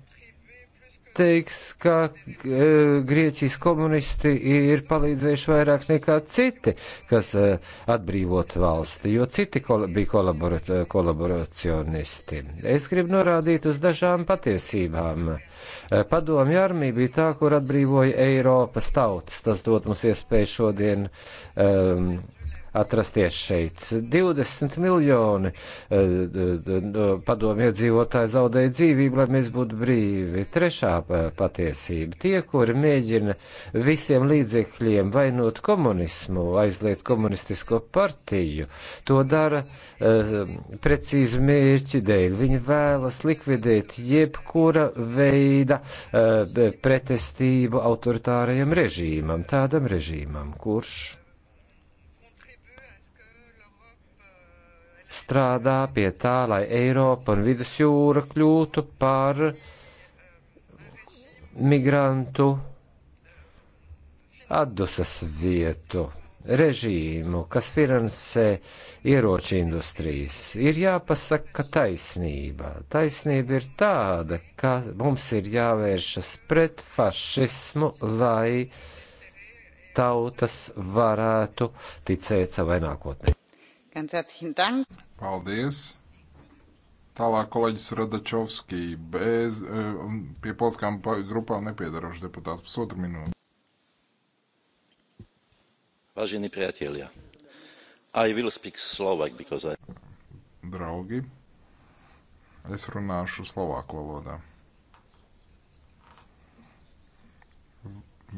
teiks, ka e, Grieķijas komunisti ir palīdzējuši vairāk nekā citi, kas e, atbrīvot valsti, jo citi kol bija kolabor kolaboracionisti. Es gribu norādīt uz dažām patiesībām. E, padomju armija bija tā, kur atbrīvoja Eiropas tautas. Tas dod mums iespēju šodien um, atrasties šeit. 20 miljoni eh, eh, padomju iedzīvotāji zaudēja dzīvību, lai mēs būtu brīvi. Trešā eh, patiesība - tie, kuri mēģina visiem līdzekļiem vainot komunismu, aizliet komunistisko partiju, to dara precīzi mērķi dēļ. Viņi vēlas likvidēt jebkura veida pretestību autoritārajam režīmam, tādam režīmam, kurš strādā pie tā, lai Eiropa un Vidusjūra kļūtu par migrantu atdusas vietu režīmu, kas finansē ieroču industrijas. Ir jāpasaka taisnība. Taisnība ir tāda, ka mums ir jāvēršas pret fašismu, lai tautas varētu ticēt savai nākotnē. Paldies! Tālāk kolēģis Radačovskī, bez, eh, pie polskām grupām nepiedarošs deputāts, pusotru minūti. Vážení priatelia, I will speak Slovak because I... Draugi, es runāšu Slovāku valodā.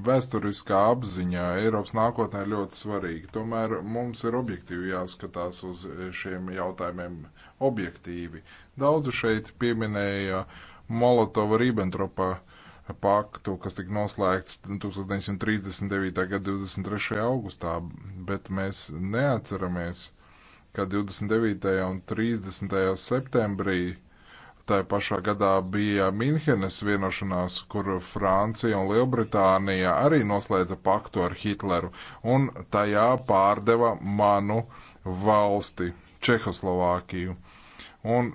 Vēsturiskā apziņa Eiropas nākotnē ir ļoti svarīga. Tomēr mums ir objektīvi jāskatās uz šiem jautājumiem objektīvi. Daudzi šeit pieminēja Molotova-Ribbentropa paktu, kas tika noslēgts 1939. gada 23. augustā, bet mēs neatceramies, ka 29. un 30. septembrī Tā pašā gadā bija Minhenes vienošanās, kur Francija un Lielbritānija arī noslēdza paktu ar Hitleru, un tajā pārdeva manu valsti, Čehoslovākiju. Un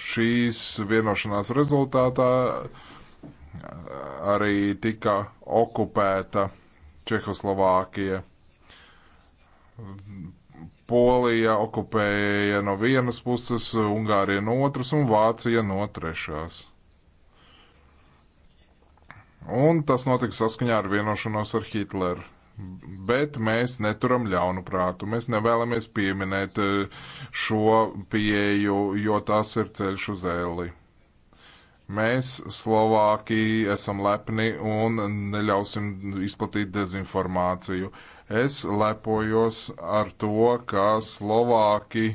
šīs vienošanās rezultātā arī tika okupēta Čehoslovākija Polija okupēja no vienas puses, Ungārija no otras un Vācija no trešās. Un tas notika saskaņā ar vienošanos ar Hitleru. Bet mēs neturam ļaunu prātu. Mēs nevēlamies pieminēt eh, šo pieeju, jo tas ir ceļš uz ēli. Mēs, Slovāki, esam lepni un neļausim izplatīt dezinformāciju. Uh, Es lepojos ar to, ka Slovāki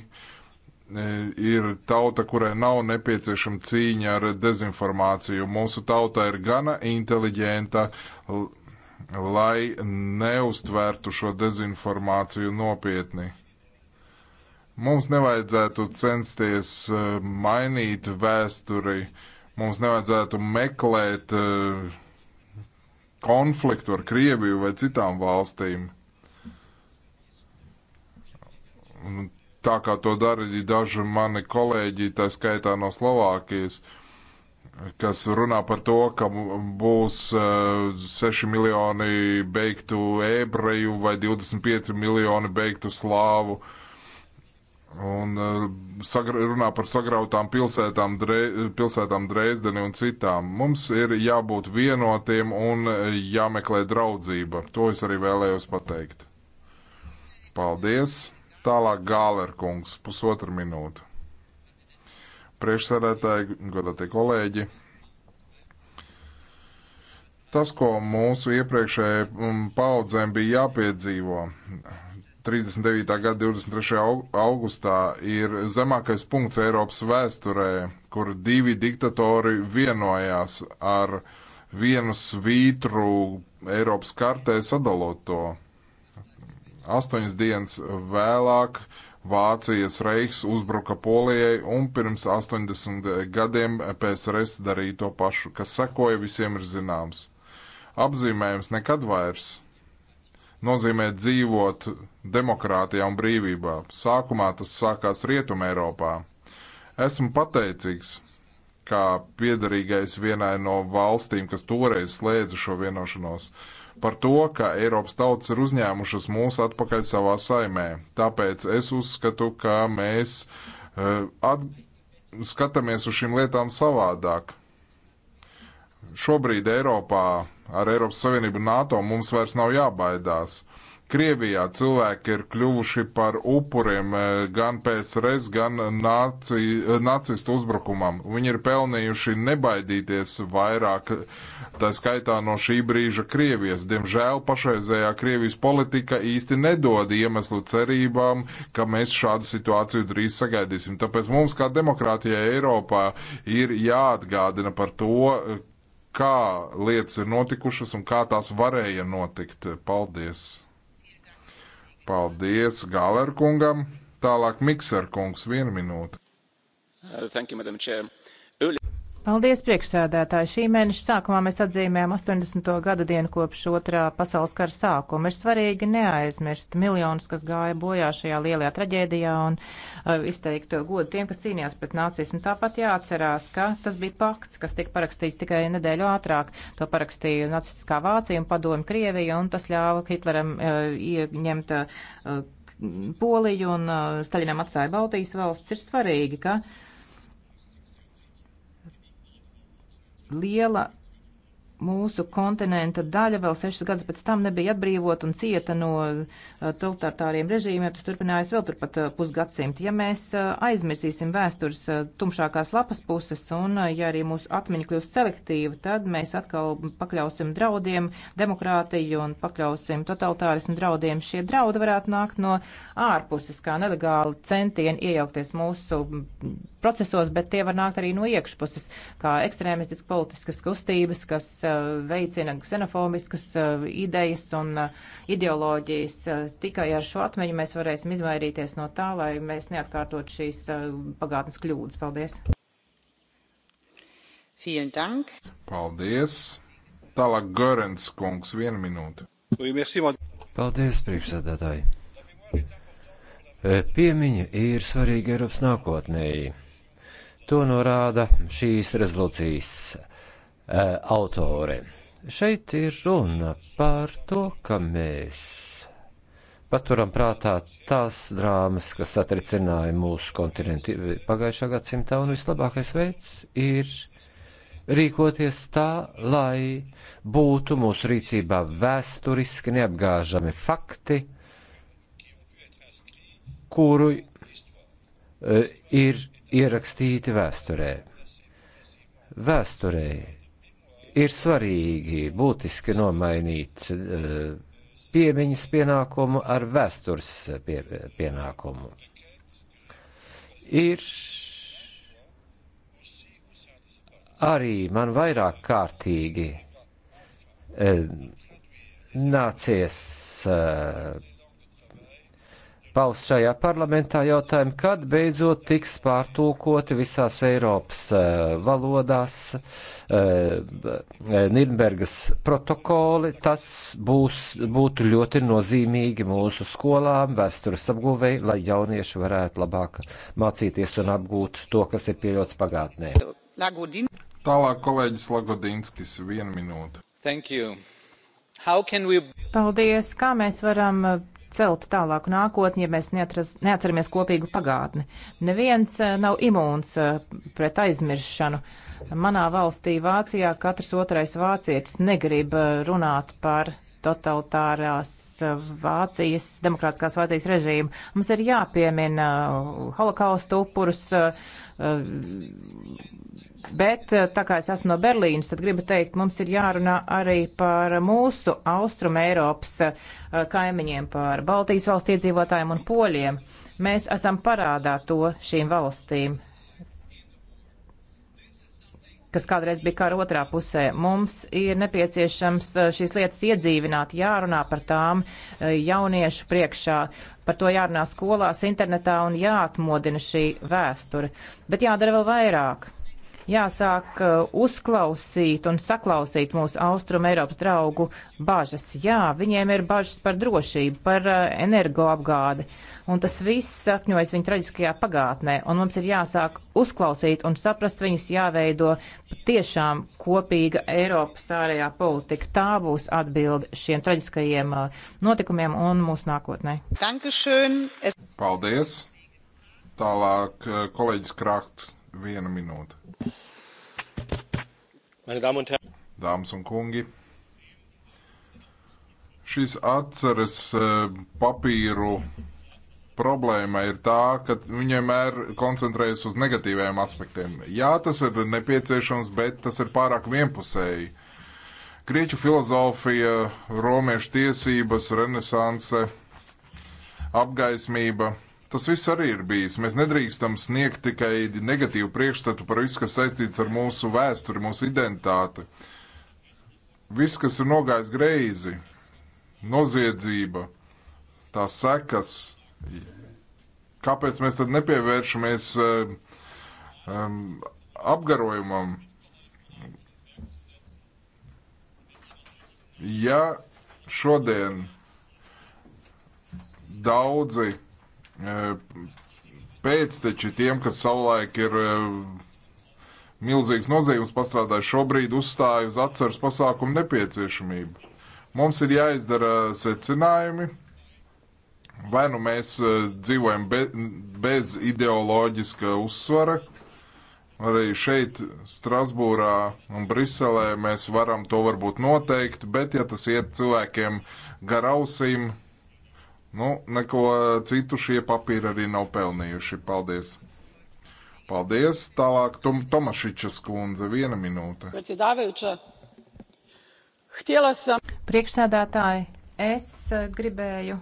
e, ir tauta, kurai nav nepieciešama cīņa ar dezinformāciju. Mūsu tauta ir gana inteliģenta, lai neuztvērtu šo dezinformāciju nopietni. Mums nevajadzētu censties e, mainīt vēsturi, mums nevajadzētu meklēt e, konfliktu ar Krieviju vai citām valstīm tā kā to darīja daži mani kolēģi, tā skaitā no Slovākijas, kas runā par to, ka būs 6 eh, miljoni beigtu ebreju vai 25 miljoni beigtu slāvu. Un eh, runā par sagrautām pilsētām, dre, pilsētām Dresdeni un citām. Mums ir jābūt vienotiem un jāmeklē draudzība. To es arī vēlējos pateikt. Paldies! Tālāk Gālerkungs, pusotra minūte. Priekšsēdētāji, godātie kolēģi, tas, ko mūsu iepriekšējai mm, paudzēm bija jāpiedzīvo, 39. gada 23. augustā ir zemākais punkts Eiropas vēsturē, kur divi diktatori vienojās ar vienu svītru Eiropas kartē sadalot to. Astoņas dienas vēlāk Vācijas reiks uzbruka Polijai un pirms 80 gadiem PSRS darīja to pašu, kas sekoja visiem ir zināms. Apzīmējums nekad vairs nozīmē dzīvot demokrātijā un brīvībā. Sākumā tas sākās Rietumē Eiropā. Esmu pateicīgs, kā piederīgais vienai no valstīm, kas toreiz slēdza šo vienošanos, uh, par to, ka Eiropas tautas ir uzņēmušas mūs atpakaļ savā saimē. Tāpēc es uzskatu, ka mēs e, at, skatāmies uz šīm lietām savādāk. Šobrīd Eiropā ar Eiropas Savienību un NATO mums vairs nav jābaidās Krievijā cilvēki ir kļuvuši par upuriem eh, gan PSRS, gan naci, eh, nacistu uzbrukumam. Viņi ir pelnījuši nebaidīties vairāk, tā skaitā no šī brīža Krievijas. Diemžēl pašreizējā Krievijas politika īsti nedod iemeslu cerībām, ka mēs šādu situāciju drīz sagaidīsim. Tāpēc mums, kā demokrātijai Eiropā, ir jāatgādina par to, eh, kā lietas ir notikušas un kā tās varēja notikt. Paldies! Paldies Galerkungam. Tālāk Mikserkungs, viena minūte. Uh, thank you, Madam Chair. Paldies, priekšsēdētāji! Šī mēneša sākumā mēs atzīmējam 80. gada dienu kopš otrā pasaules kara sākuma. Ir svarīgi neaizmirst miljonus, kas gāja bojā šajā lielajā traģēdijā un uh, izteikt godu tiem, kas cīnījās pret nācismu. Tāpat jāatcerās, ka tas bija pakts, kas tika parakstīts tikai nedēļu ātrāk. To parakstīja nacistiskā Vācija un padomu Krievija, un tas ļāva Hitleram uh, ieņemt uh, Poliju un uh, Staļinam atstāja Baltijas valsts. Ir svarīgi, ka. Uh, liela mūsu kontinenta daļa vēl sešas gadus pēc tam nebija atbrīvot un cieta no eh, totalitāriem režīmiem. Tas turpinājās vēl turpat eh, pusgadsimtu. Ja mēs eh, aizmirsīsim vēstures tumšākās lapas puses un ja arī mūsu atmiņa kļūs selektīva, tad mēs atkal pakļausim draudiem demokrātiju un pakļausim totalitārismu draudiem. Šie draudi varētu nākt no ārpuses, kā nelegāli centieni iejaukties mūsu mm, procesos, bet tie var nākt arī no iekšpuses, kā ekstrēmistiski politiskas kustības, kas veicina ksenofobiskas eh, idejas un eh, ideoloģijas. Eh, tikai ar šo atmiņu mēs varēsim izvairīties no tā, lai mēs neatkārtot šīs pagātnes kļūdas. Paldies! Paldies! Tālāk Görens kungs, viena minūte. Paldies, priekšsēdētāji! Piemiņa ir svarīga Eiropas nākotnēji. To norāda šīs rezolūcijas Eh, autore. Šeit ir runa par to, ka mēs paturam prātā tās drāmas, kas satricināja mūsu kontinentu pagājušā gadsimtā, un vislabākais veids ir rīkoties tā, lai būtu mūsu rīcībā vēsturiski neapgāžami fakti, kuru uh, ir ierakstīti vēsturē. Vēsturē ir svarīgi būtiski nomainīt eh, piemiņas pienākumu ar vēstures pie, pienākumu. Ir arī man vairāk kārtīgi eh, nācies eh, paust šajā parlamentā jautājumu, kad beidzot tiks pārtulkoti visās Eiropas eh, valodās eh, Nirnbergas protokoli. Tas būs, būtu ļoti nozīmīgi mūsu skolām, vēstures apguvei, lai jaunieši varētu labāk mācīties un apgūt to, kas ir pieļauts pagātnē. Lagodin. Tālāk kolēģis Lagodinskis, viena minūte. Thank you. We... Paldies! Kā mēs varam eh, celt tālāku nākotni, ja mēs neatras, neatceramies kopīgu pagātni. Neviens eh, nav imūns eh, pret aizmiršanu. Manā valstī Vācijā katrs otrais vācietis negrib eh, runāt par totalitārās Vācijas, demokrātiskās Vācijas režīmu. Mums ir jāpiemina holokausta upurus, Bet eh, tā kā es esmu no Berlīnas, tad gribu teikt, mums ir jārunā arī par mūsu Austrum Eiropas eh, kaimiņiem, par Baltijas valsts iedzīvotājiem un poļiem. Mēs esam parādā to šīm valstīm kas kādreiz bija kara otrā pusē. Mums ir nepieciešams eh, šīs lietas iedzīvināt, jārunā par tām jauniešu priekšā, par to jārunā skolās, internetā un jāatmodina šī vēsture. Bet jādara vēl vairāk jāsāk uh, uzklausīt un saklausīt mūsu austrumu Eiropas draugu bažas. Jā, viņiem ir bažas par drošību, par uh, energoapgādi, un tas viss sakņojas viņu traģiskajā pagātnē, un mums ir jāsāk uzklausīt un saprast viņus jāveido tiešām kopīga Eiropas ārējā politika. Tā būs atbilde šiem traģiskajiem uh, notikumiem un mūsu nākotnē. Dankeschön. Paldies! Tālāk kolēģis Krakts Viena minūte. Dāmas un kungi, šīs atceres e, papīru problēma ir tā, ka viņi vienmēr koncentrējas uz negatīviem aspektiem. Jā, tas ir nepieciešams, bet tas ir pārāk vienpusēji. Grieķu filozofija, romiešu tiesības, renesanse, apgaismība Tas viss arī ir bijis. Mēs nedrīkstam sniegt tikai negatīvu priekšstatu par visu, kas saistīts ar mūsu vēsturi, mūsu identitāti. Viss, kas ir nogājis greizi, noziedzība, tās sekas, kāpēc mēs tad nepievēršamies um, apgarojumam? Ja šodien daudzi Eh, pēcteči tiem, kas savulaik ir eh, milzīgs noziegums pastrādājuši, šobrīd uzstāja uz atceras pasākumu nepieciešamību. Mums ir jāizdara secinājumi, vai nu mēs eh, dzīvojam be, bez ideoloģiska uzsvara, arī šeit, Strasbūrā un Briselē, mēs varam to varbūt noteikt, bet ja tas iet cilvēkiem gar ausīm, Nu, neko citu šie papīri arī nav pelnījuši. Paldies! Paldies! Tālāk Tom, Tomašičas kundze, viena minūte. Priekšsēdētāji, es eh, gribēju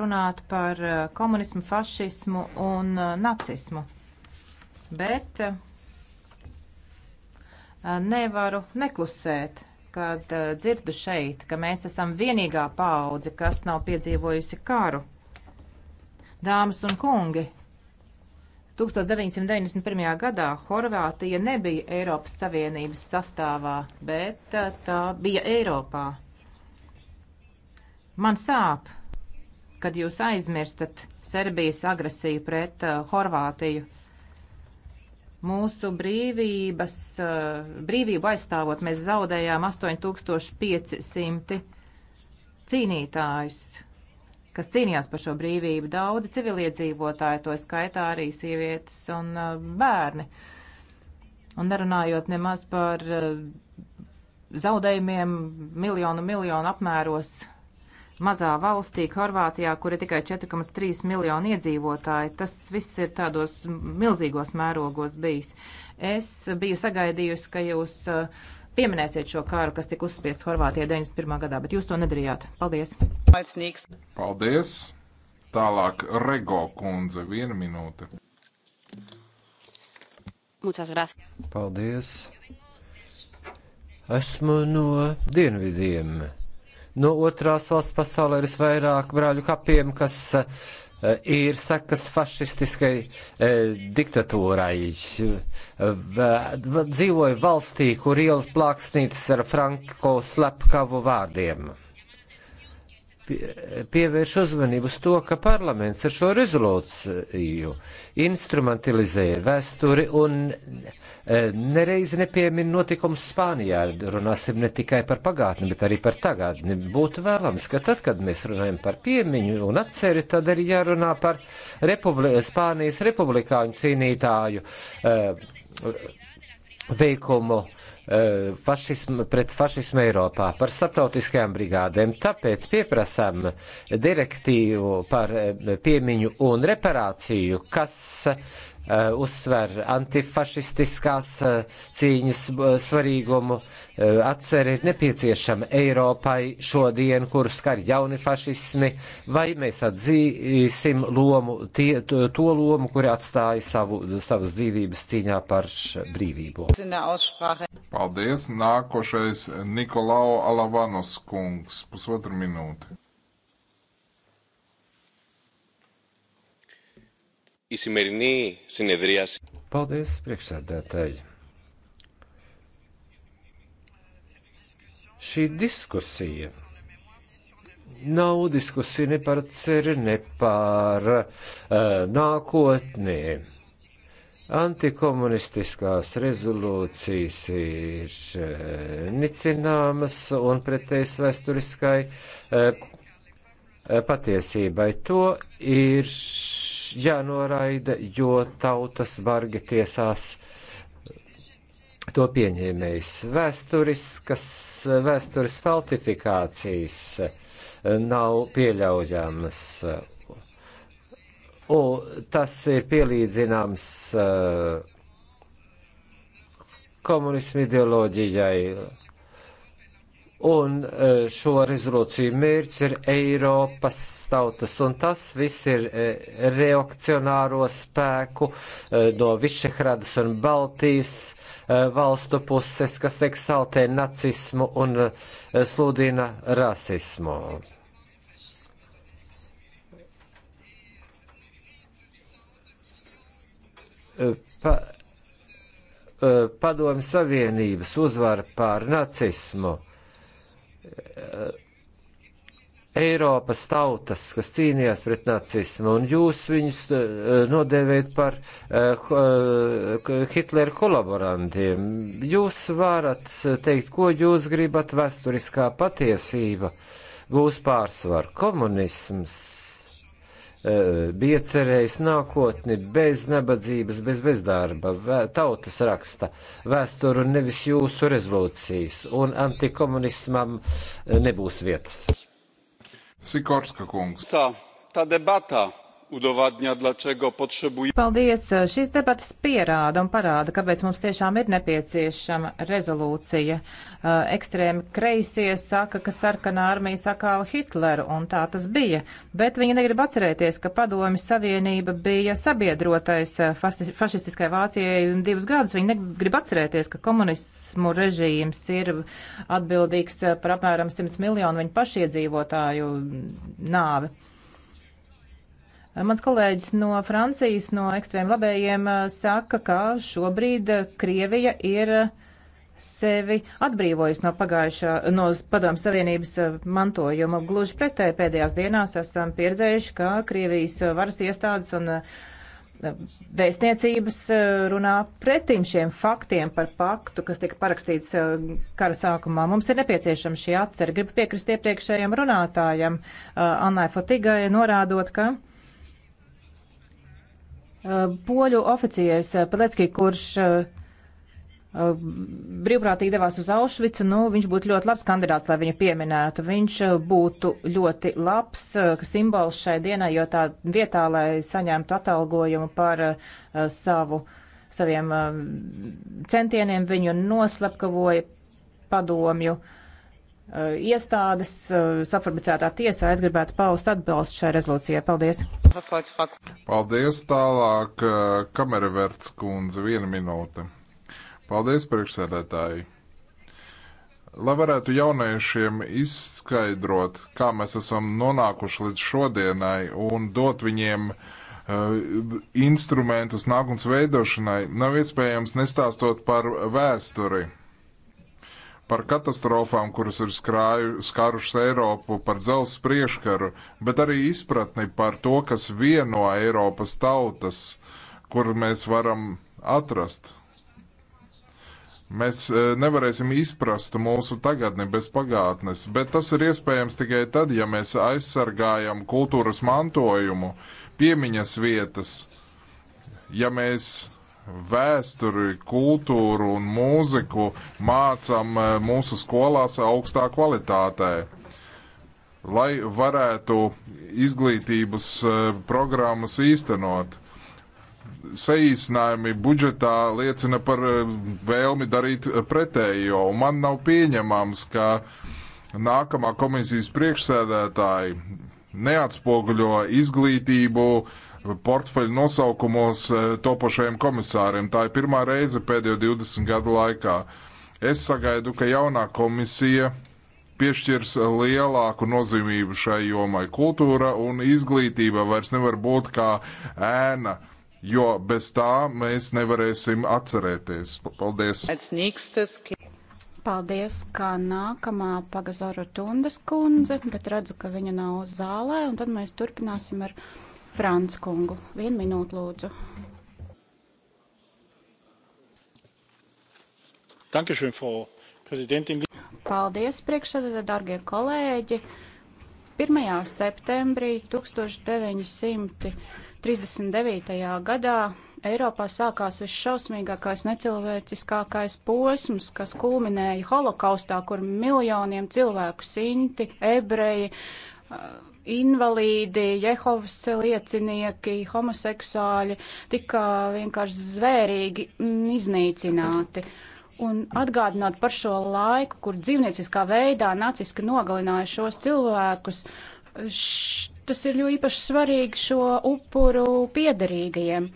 runāt par eh, komunismu, fašismu un eh, nacismu. Bet nevaru neklusēt kad eh, dzirdu šeit, ka mēs esam vienīgā paudze, kas nav piedzīvojusi karu. Dāmas un kungi, 1991. gadā Horvātija nebija Eiropas Savienības sastāvā, bet eh, tā bija Eiropā. Man sāp, kad jūs aizmirstat Serbijas agresiju pret uh, Horvātiju. Mūsu brīvības, eh, brīvību aizstāvot, mēs zaudējām 8500 cīnītājus, kas cīnījās par šo brīvību. Daudzi civiliedzīvotāji, to skaitā arī sievietes un eh, bērni. Un nerunājot nemaz par eh, zaudējumiem miljonu miljonu apmēros mazā valstī, Horvātijā, kur ir tikai 4,3 miljoni iedzīvotāji. Tas viss ir tādos milzīgos mērogos bijis. Es biju sagaidījusi, ka jūs uh, pieminēsiet šo kāru, kas tika uzspiests Horvātijā 91. gadā, bet jūs to nedarījāt. Paldies! Paldies! Tālāk Rego kundze, viena minūte. Muchas gracias. Paldies! Esmu no dienvidiem no otrās valsts pasaulē ir visvairāk brāļu kapiem, kas eh, ir sakas fašistiskai e, diktatūrai. Dzīvoju valstī, kur ielas plāksnītas ar Franko slepkavu vārdiem pievērš uzmanību uz to, ka parlaments ar šo rezolūciju instrumentalizē vēsturi un e, nereiz nepiemin notikumus Spānijā. Runāsim ne tikai par pagātni, bet arī par tagadni. Būtu vēlams, ka tad, kad mēs runājam par piemiņu un atceri, tad arī jārunā par republi Spānijas republikāņu cīnītāju uh, veikumu uh, Eh, fašismu, pret fašismu Eiropā, par starptautiskajām brigādēm. Tāpēc pieprasām direktīvu par eh, piemiņu un reparāciju, kas Eh, uzsver antifašistiskās eh, cīņas eh, svarīgumu. Atceri ir nepieciešama Eiropai šodien, kur skar jauni fašismi, vai mēs atzīsim lomu, tie, to, to lomu, kuri atstāja savu, savas dzīvības cīņā par brīvību. Paldies! Nākošais Nikolau Alavanus kungs, pusotru minūti. η σημερινή συνεδρίαση. Paldies, priekšsēdētāji. Šī diskusija nav diskusija ne par ceri, ne par uh, nākotni. Antikomunistiskās rezolūcijas ir uh, nicināmas un pretējas vēsturiskai uh, patiesībai. To ir jānoraida, jo tautas vargi tiesās to pieņēmējs. Vēsturiskas, vēstures falsifikācijas nav pieļaujamas. Un tas ir pielīdzināms uh, komunismu ideoloģijai Un e, šo rezolūciju mērķis ir Eiropas tautas, un tas viss ir e, reakcionāro spēku e, no Višehradas un Baltijas valstu puses, kas eksaltē nacismu un sludina rasismu. Pa, Padomju Savienības uzvara pār nacismu Eiropas tautas, kas cīnījās pret nacismu, un jūs viņus eh, nodēvējat par eh, eh, Hitlera kolaborantiem. Jūs varat teikt, ko jūs gribat, vēsturiskā patiesība gūs pārsvaru. Komunisms Eh, bija cerējis nākotni bez nabadzības, bez bezdarba. Tautas raksta vēsturu nevis jūsu rezolūcijas, un antikomunismam eh, nebūs vietas. Sikorska kungs. Tā debatā udowadnia, dlaczego potrzebujemy. Paldies! Šīs debatas pierāda un parāda, kāpēc mums tiešām ir nepieciešama rezolūcija. Eh, ekstrēmi kreisie saka, ka sarkanā armija sakāla Hitleru, un tā tas bija. Bet viņi negrib atcerēties, ka padomi savienība bija sabiedrotais eh, fašistiskai Vācijai un divus gadus. Viņi negrib atcerēties, ka komunismu režīms ir atbildīgs eh, par apmēram 100 miljonu viņu pašiedzīvotāju nāvi. Mans kolēģis no Francijas, no ekstrēm labējiem, eh, saka, ka šobrīd Krievija ir eh, sevi atbrīvojusi no pagājušā, no padomu savienības eh, mantojuma. Gluži pretēji pēdējās dienās esam pieredzējuši, ka Krievijas varas iestādes un vēstniecības runā pretim šiem faktiem par paktu, kas tika parakstīts kara sākumā. Mums ir nepieciešama šī atcer. Gribu piekrist iepriekšējiem runātājiem Annai Fotigai, norādot, ka. Eh, poļu oficieris eh, Palecki, kurš eh, brīvprātīgi devās uz Aušvicu, nu, viņš būtu ļoti labs kandidāts, lai viņu pieminētu. Viņš būtu ļoti labs simbols šai dienai, jo tā vietā, lai saņemtu atalgojumu par savu, saviem centieniem, viņu noslapkavoja padomju. Uh, Eh, iestādes, eh, saformicētā tiesā. Es gribētu paust atbalstu šai rezolūcijai. Paldies! Paldies tālāk, eh, kameraverts kundze, viena minūte. Paldies, priekšsēdētāji! Lai varētu jauniešiem izskaidrot, kā mēs esam nonākuši līdz šodienai un dot viņiem uh, instrumentus nākotnes veidošanai nav iespējams nestāstot par vēsturi par katastrofām, kuras ir skrāju, skārušas Eiropu, par dzelzs prieškaru, bet arī izpratni par to, kas vieno Eiropas tautas, kur mēs varam atrast. Mēs eh, nevarēsim izprast mūsu tagadni bez pagātnes, bet tas ir iespējams tikai tad, ja mēs aizsargājam kultūras mantojumu, piemiņas vietas, ja mēs vēsturi, kultūru un mūziku mācam e, mūsu skolās augstā kvalitātē, lai varētu izglītības e, programmas īstenot. Seīsinājumi budžetā liecina par e, vēlmi darīt pretējo, un man nav pieņemams, ka nākamā komisijas priekšsēdētāji neatspoguļo izglītību uh, portfeļu nosaukumos e, topošajiem komisāriem. Tā ir pirmā reize pēdējo 20 gadu laikā. Es sagaidu, ka jaunā komisija piešķirs lielāku nozīmību šai jomai. Kultūra un izglītība vairs nevar būt kā ēna, jo bez tā mēs nevarēsim atcerēties. Paldies! Paldies, kā nākamā Pagazora Tundes kundze, bet redzu, ka viņa nav zālē, un tad mēs turpināsim ar. Frāns kungu. Vienu minūtu lūdzu. Dankeschön, Frau Präsidentin. Paldies, priekšsēdētāji, darbie kolēģi. 1. septembrī 1939. gadā Eiropā sākās visšausmīgākais necilvēciskākais posms, kas kulminēja holokaustā, kur miljoniem cilvēku sinti, ebreji, uh, invalīdi, Jehovas liecinieki, homoseksuāļi tika vienkārši zvērīgi iznīcināti. Un atgādināt par šo laiku, kur dzīvnieciskā veidā naciski nogalināja šos cilvēkus, š, tas ir ļoti īpaši svarīgi šo upuru piederīgajiem.